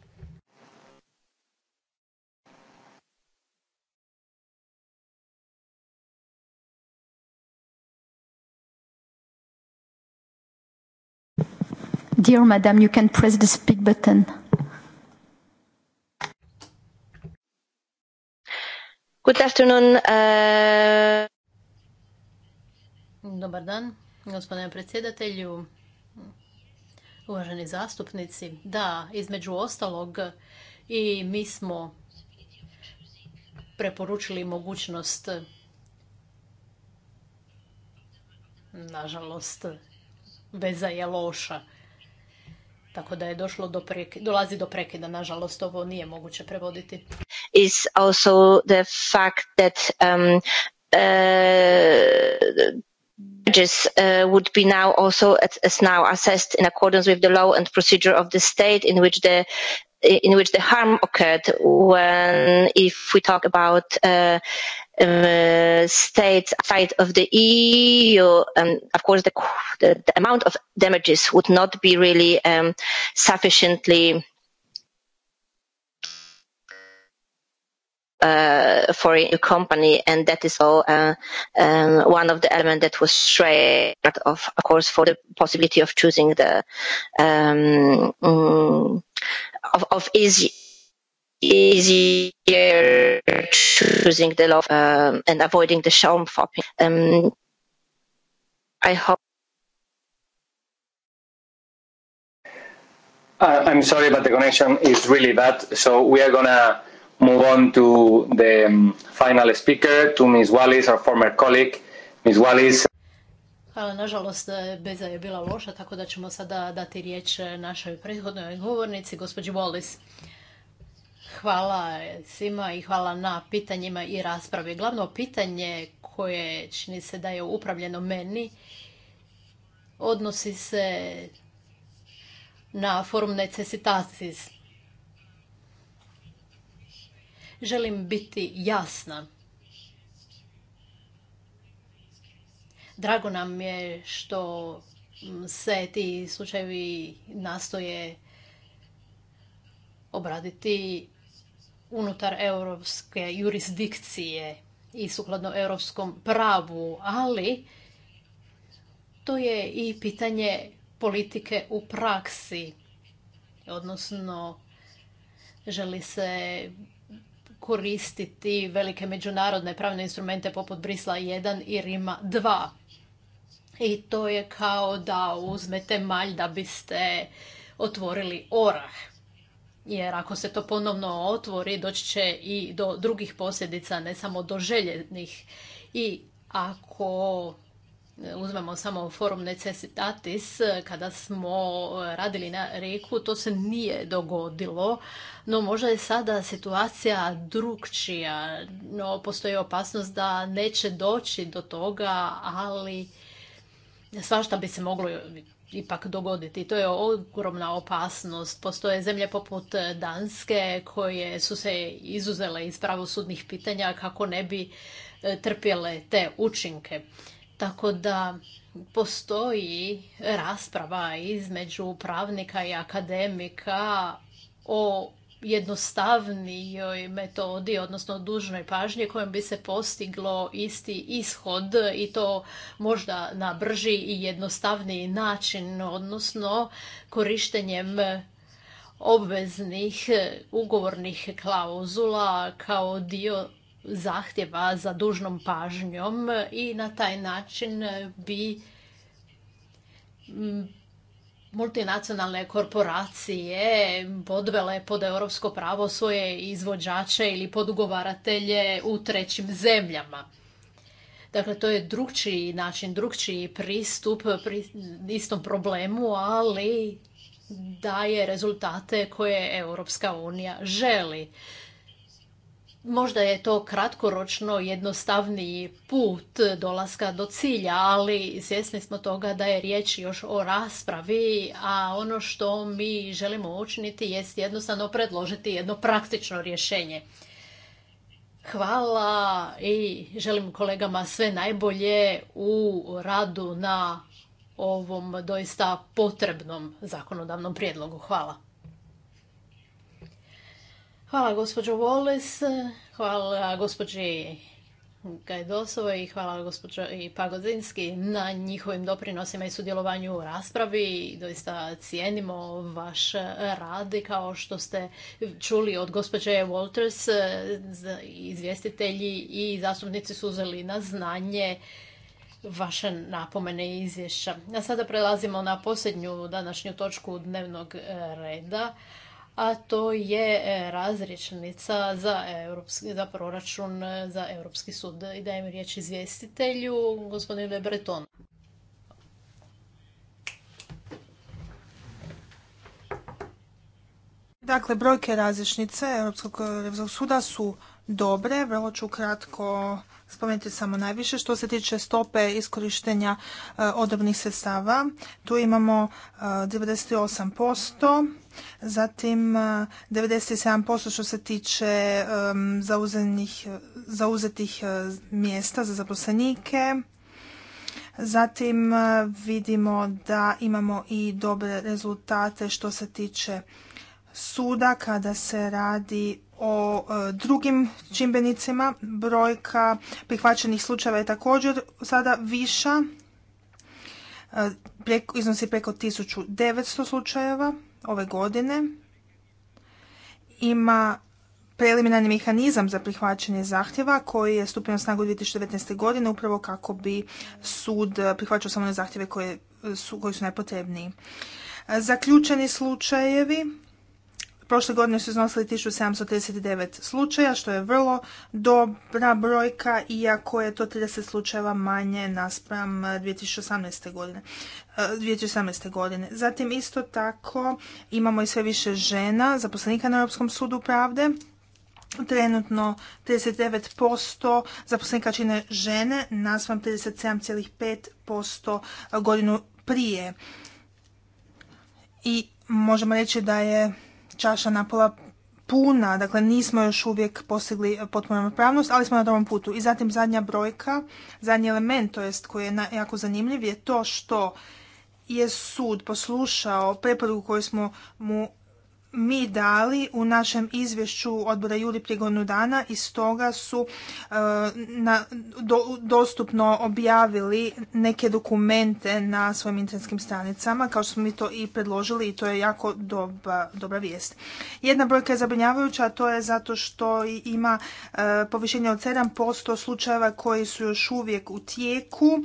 Dear Dobar dan, gospodine predsjedatelju, uvaženi zastupnici. Da, između ostalog i mi smo preporučili mogućnost nažalost veza je loša tako da je došlo do prekida, dolazi do prekida, nažalost ovo nije moguće prevoditi. Is also the fact that um, uh, judges uh, would be now also as now assessed in accordance with the law and procedure of the state in which the in which the harm occurred when if we talk about uh, uh, state fight of the EU, and um, of course the, the, the amount of damages would not be really um, sufficiently uh, for a company, and that is all uh, um, one of the elements that was straight of, of course, for the possibility of choosing the um, um, of, of easy easier choosing the love um, and avoiding the shame shopping. Um, I hope. Uh, I'm sorry, but the connection is really bad. So we are gonna move on to the um, final speaker, to Ms. Wallis, our former colleague. Ms. Wallis. Hvala, nažalost, eh, Beza je bila loša, tako da ćemo sada dati riječ eh, našoj prethodnoj govornici, gospođi Wallis. Hvala svima i hvala na pitanjima i raspravi. Glavno pitanje koje čini se da je upravljeno meni odnosi se na forum necesitacis. Želim biti jasna. Drago nam je što se ti slučajevi nastoje obraditi unutar europske jurisdikcije i sukladno europskom pravu, ali to je i pitanje politike u praksi, odnosno želi se koristiti velike međunarodne pravne instrumente poput Brisla 1 i Rima 2. I to je kao da uzmete malj da biste otvorili orah jer ako se to ponovno otvori doći će i do drugih posljedica, ne samo do željenih. I ako e, uzmemo samo forum necesitatis, kada smo e, radili na rijeku, to se nije dogodilo, no možda je sada situacija drugčija, no postoji opasnost da neće doći do toga, ali svašta bi se moglo ipak dogoditi. To je ogromna opasnost. Postoje zemlje poput Danske koje su se izuzele iz pravosudnih pitanja kako ne bi e, trpjele te učinke. Tako da postoji rasprava između pravnika i akademika o jednostavnijoj metodi, odnosno dužnoj pažnji kojom bi se postiglo isti ishod i to možda na brži i jednostavniji način, odnosno korištenjem obveznih ugovornih klauzula kao dio zahtjeva za dužnom pažnjom i na taj način bi multinacionalne korporacije podvele pod europsko pravo svoje izvođače ili podugovaratelje u trećim zemljama. Dakle, to je drugčiji način, drugčiji pristup pri istom problemu, ali daje rezultate koje Europska unija želi. Možda je to kratkoročno jednostavniji put dolaska do cilja, ali svjesni smo toga da je riječ još o raspravi, a ono što mi želimo učiniti jest jednostavno predložiti jedno praktično rješenje. Hvala i želim kolegama sve najbolje u radu na ovom doista potrebnom zakonodavnom prijedlogu. Hvala. Hvala gospođo Voles, hvala gospođi Gajdosova i hvala gospođo i Pagodinski na njihovim doprinosima i sudjelovanju u raspravi. Doista cijenimo vaš rad i kao što ste čuli od gospođe Walters, izvjestitelji i zastupnici su uzeli na znanje vaše napomene i izvješća. A sada prelazimo na posljednju današnju točku dnevnog reda, a to je e, razrječnica za, europski, za proračun e, za Europski sud. I dajem riječ izvjestitelju, gospodine Le Breton. Dakle, brojke različnice Europskog suda su dobre. Vrlo ću kratko spomenuti samo najviše. Što se tiče stope iskorištenja e, odobnih sredstava, tu imamo 98%, e, zatim 97% e, što se tiče zauzetih mjesta za zaposlenike, Zatim vidimo da imamo i dobre rezultate što se tiče suda kada se radi o e, drugim čimbenicima brojka prihvaćenih slučajeva je također sada viša, e, iznosi preko 1900 slučajeva ove godine. Ima preliminarni mehanizam za prihvaćanje zahtjeva koji je stupio na snagu 2019. godine upravo kako bi sud prihvaćao samo one zahtjeve koje su, koji su najpotrebniji. E, zaključeni slučajevi Prošle godine su iznosili 1739 slučaja, što je vrlo dobra brojka, iako je to 30 slučajeva manje naspram 2018. E, godine. 2018. E, godine. Zatim isto tako imamo i sve više žena, zaposlenika na Europskom sudu pravde, Trenutno 39% zaposlenika čine žene, naspram 37,5% godinu prije. I možemo reći da je čaša napola puna, dakle nismo još uvijek postigli eh, potpunu pravnost, ali smo na dobrom putu. I zatim zadnja brojka, zadnji element, to jest koji je jako zanimljiv, je to što je sud poslušao preporuku koju smo mu mi dali u našem izvješću odbora Juli prije godinu dana i stoga su e, dostupno objavili neke dokumente na svojim internetskim stranicama, kao što smo mi to i predložili i to je jako dobra vijest. Jedna brojka je zabrinjavajuća, a to je zato što ima e, povišenje od 7% slučajeva koji su još uvijek u tijeku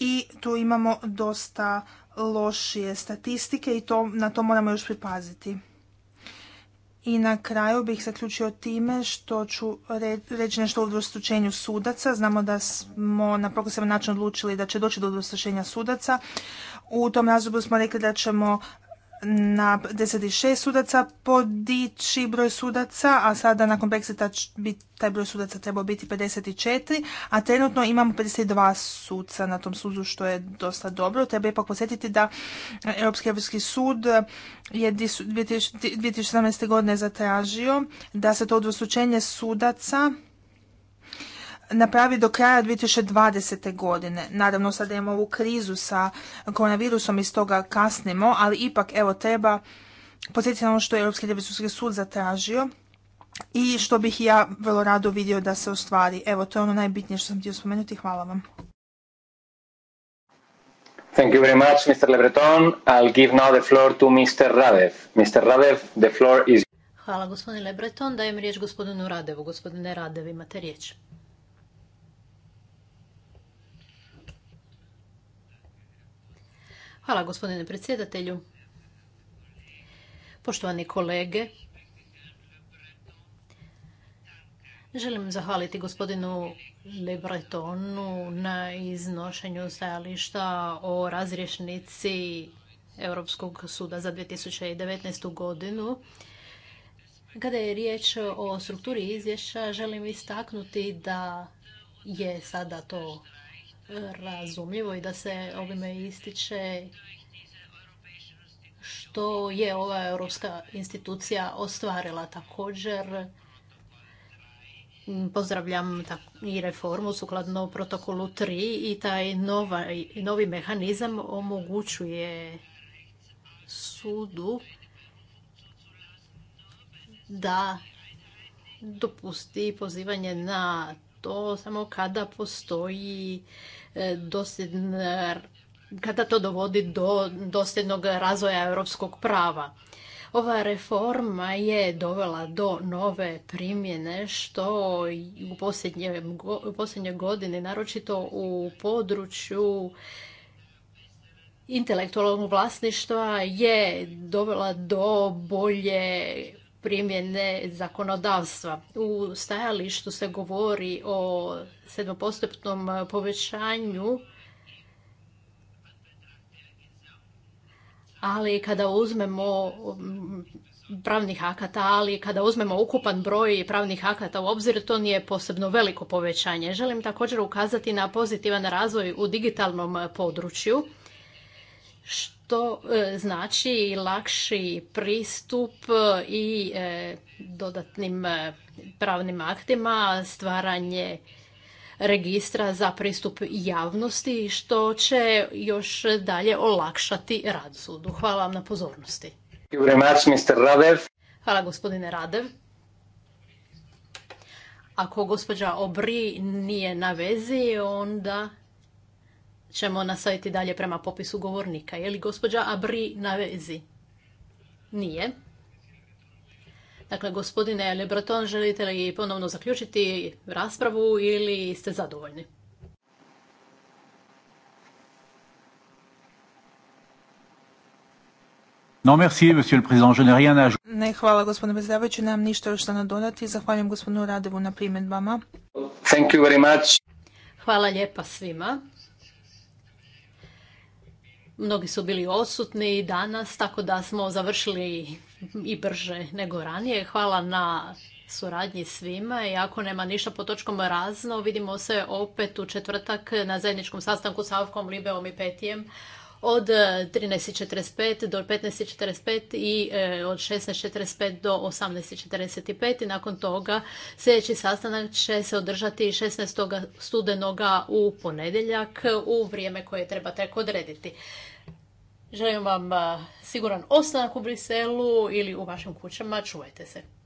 i tu imamo dosta lošije statistike i to, na to moramo još pripaziti. I na kraju bih zaključio time što ću reći nešto o udvostručenju sudaca. Znamo da smo na progresivan način odlučili da će doći do udvostručenja sudaca. U tom razdoblju smo rekli da ćemo na 56 sudaca podići broj sudaca, a sada nakon Brexita bi taj broj sudaca trebao biti 54, a trenutno imamo 52 suca na tom sudu, što je dosta dobro. Treba ipak posjetiti da Europski Europski sud je 2017. godine zatražio da se to udvostručenje sudaca napravi do kraja 2020. godine. Naravno sad imamo ovu krizu sa koronavirusom i stoga kasnimo, ali ipak evo treba podsjetiti na ono što je Europski revizorski sud zatražio i što bih ja vrlo rado vidio da se ostvari. Evo, to je ono najbitnije što sam htio spomenuti. Hvala vam. Thank you very much, Mr. I'll give now the floor to Mr. Radev. Mr. Radev, the floor is... Hvala, gospodine Lebreton. Dajem riječ gospodinu Radevu. Gospodine Radev, imate riječ. Hvala gospodine predsjedatelju. Poštovani kolege, želim zahvaliti gospodinu Le Bretonu na iznošenju stajališta o razrješnici Europskog suda za 2019. godinu. Kada je riječ o strukturi izvješća, želim istaknuti da je sada to razumljivo i da se ovime ističe što je ova europska institucija ostvarila također. Pozdravljam i reformu sukladno protokolu 3 i taj novi mehanizam omogućuje sudu da dopusti pozivanje na to samo kada postoji E, kada to dovodi do dosljednog razvoja europskog prava. Ova reforma je dovela do nove primjene što u posljednje, u posljednje godine, naročito u području intelektualnog vlasništva je dovela do bolje primjene zakonodavstva. U stajalištu se govori o sedmopostupnom povećanju ali kada uzmemo mm, pravnih akata, ali kada uzmemo ukupan broj pravnih akata u obzir, to nije posebno veliko povećanje. Želim također ukazati na pozitivan razvoj u digitalnom području što e, znači lakši pristup e, i e, dodatnim pravnim aktima, stvaranje registra za pristup javnosti, što će još dalje olakšati rad sudu. Hvala vam na pozornosti. Hvala gospodine Radev. Ako gospođa Obri nije na vezi, onda ćemo nastaviti dalje prema popisu govornika. Je li gospođa Abri na vezi? Nije. Dakle, gospodine Lebreton, želite li ponovno zaključiti raspravu ili ste zadovoljni? merci, monsieur le président. Je n'ai rien à... Ne, hvala gospodine predsjedavajući, nemam ništa još da dodati. Zahvaljujem gospodinu Radevu na primjedbama. Thank you Hvala lijepa svima. Mnogi su bili odsutni i danas, tako da smo završili i brže nego ranije. Hvala na suradnji svima i ako nema ništa po točkom razno, vidimo se opet u četvrtak na zajedničkom sastanku sa Avkom, Libeom i Petijem od 13.45 do 15.45 i e, od 16.45 do 18.45 i nakon toga sljedeći sastanak će se održati 16. studenoga u ponedjeljak u vrijeme koje treba tek odrediti. Želim vam eh, siguran ostanak u Briselu ili u vašim kućama. Čuvajte se.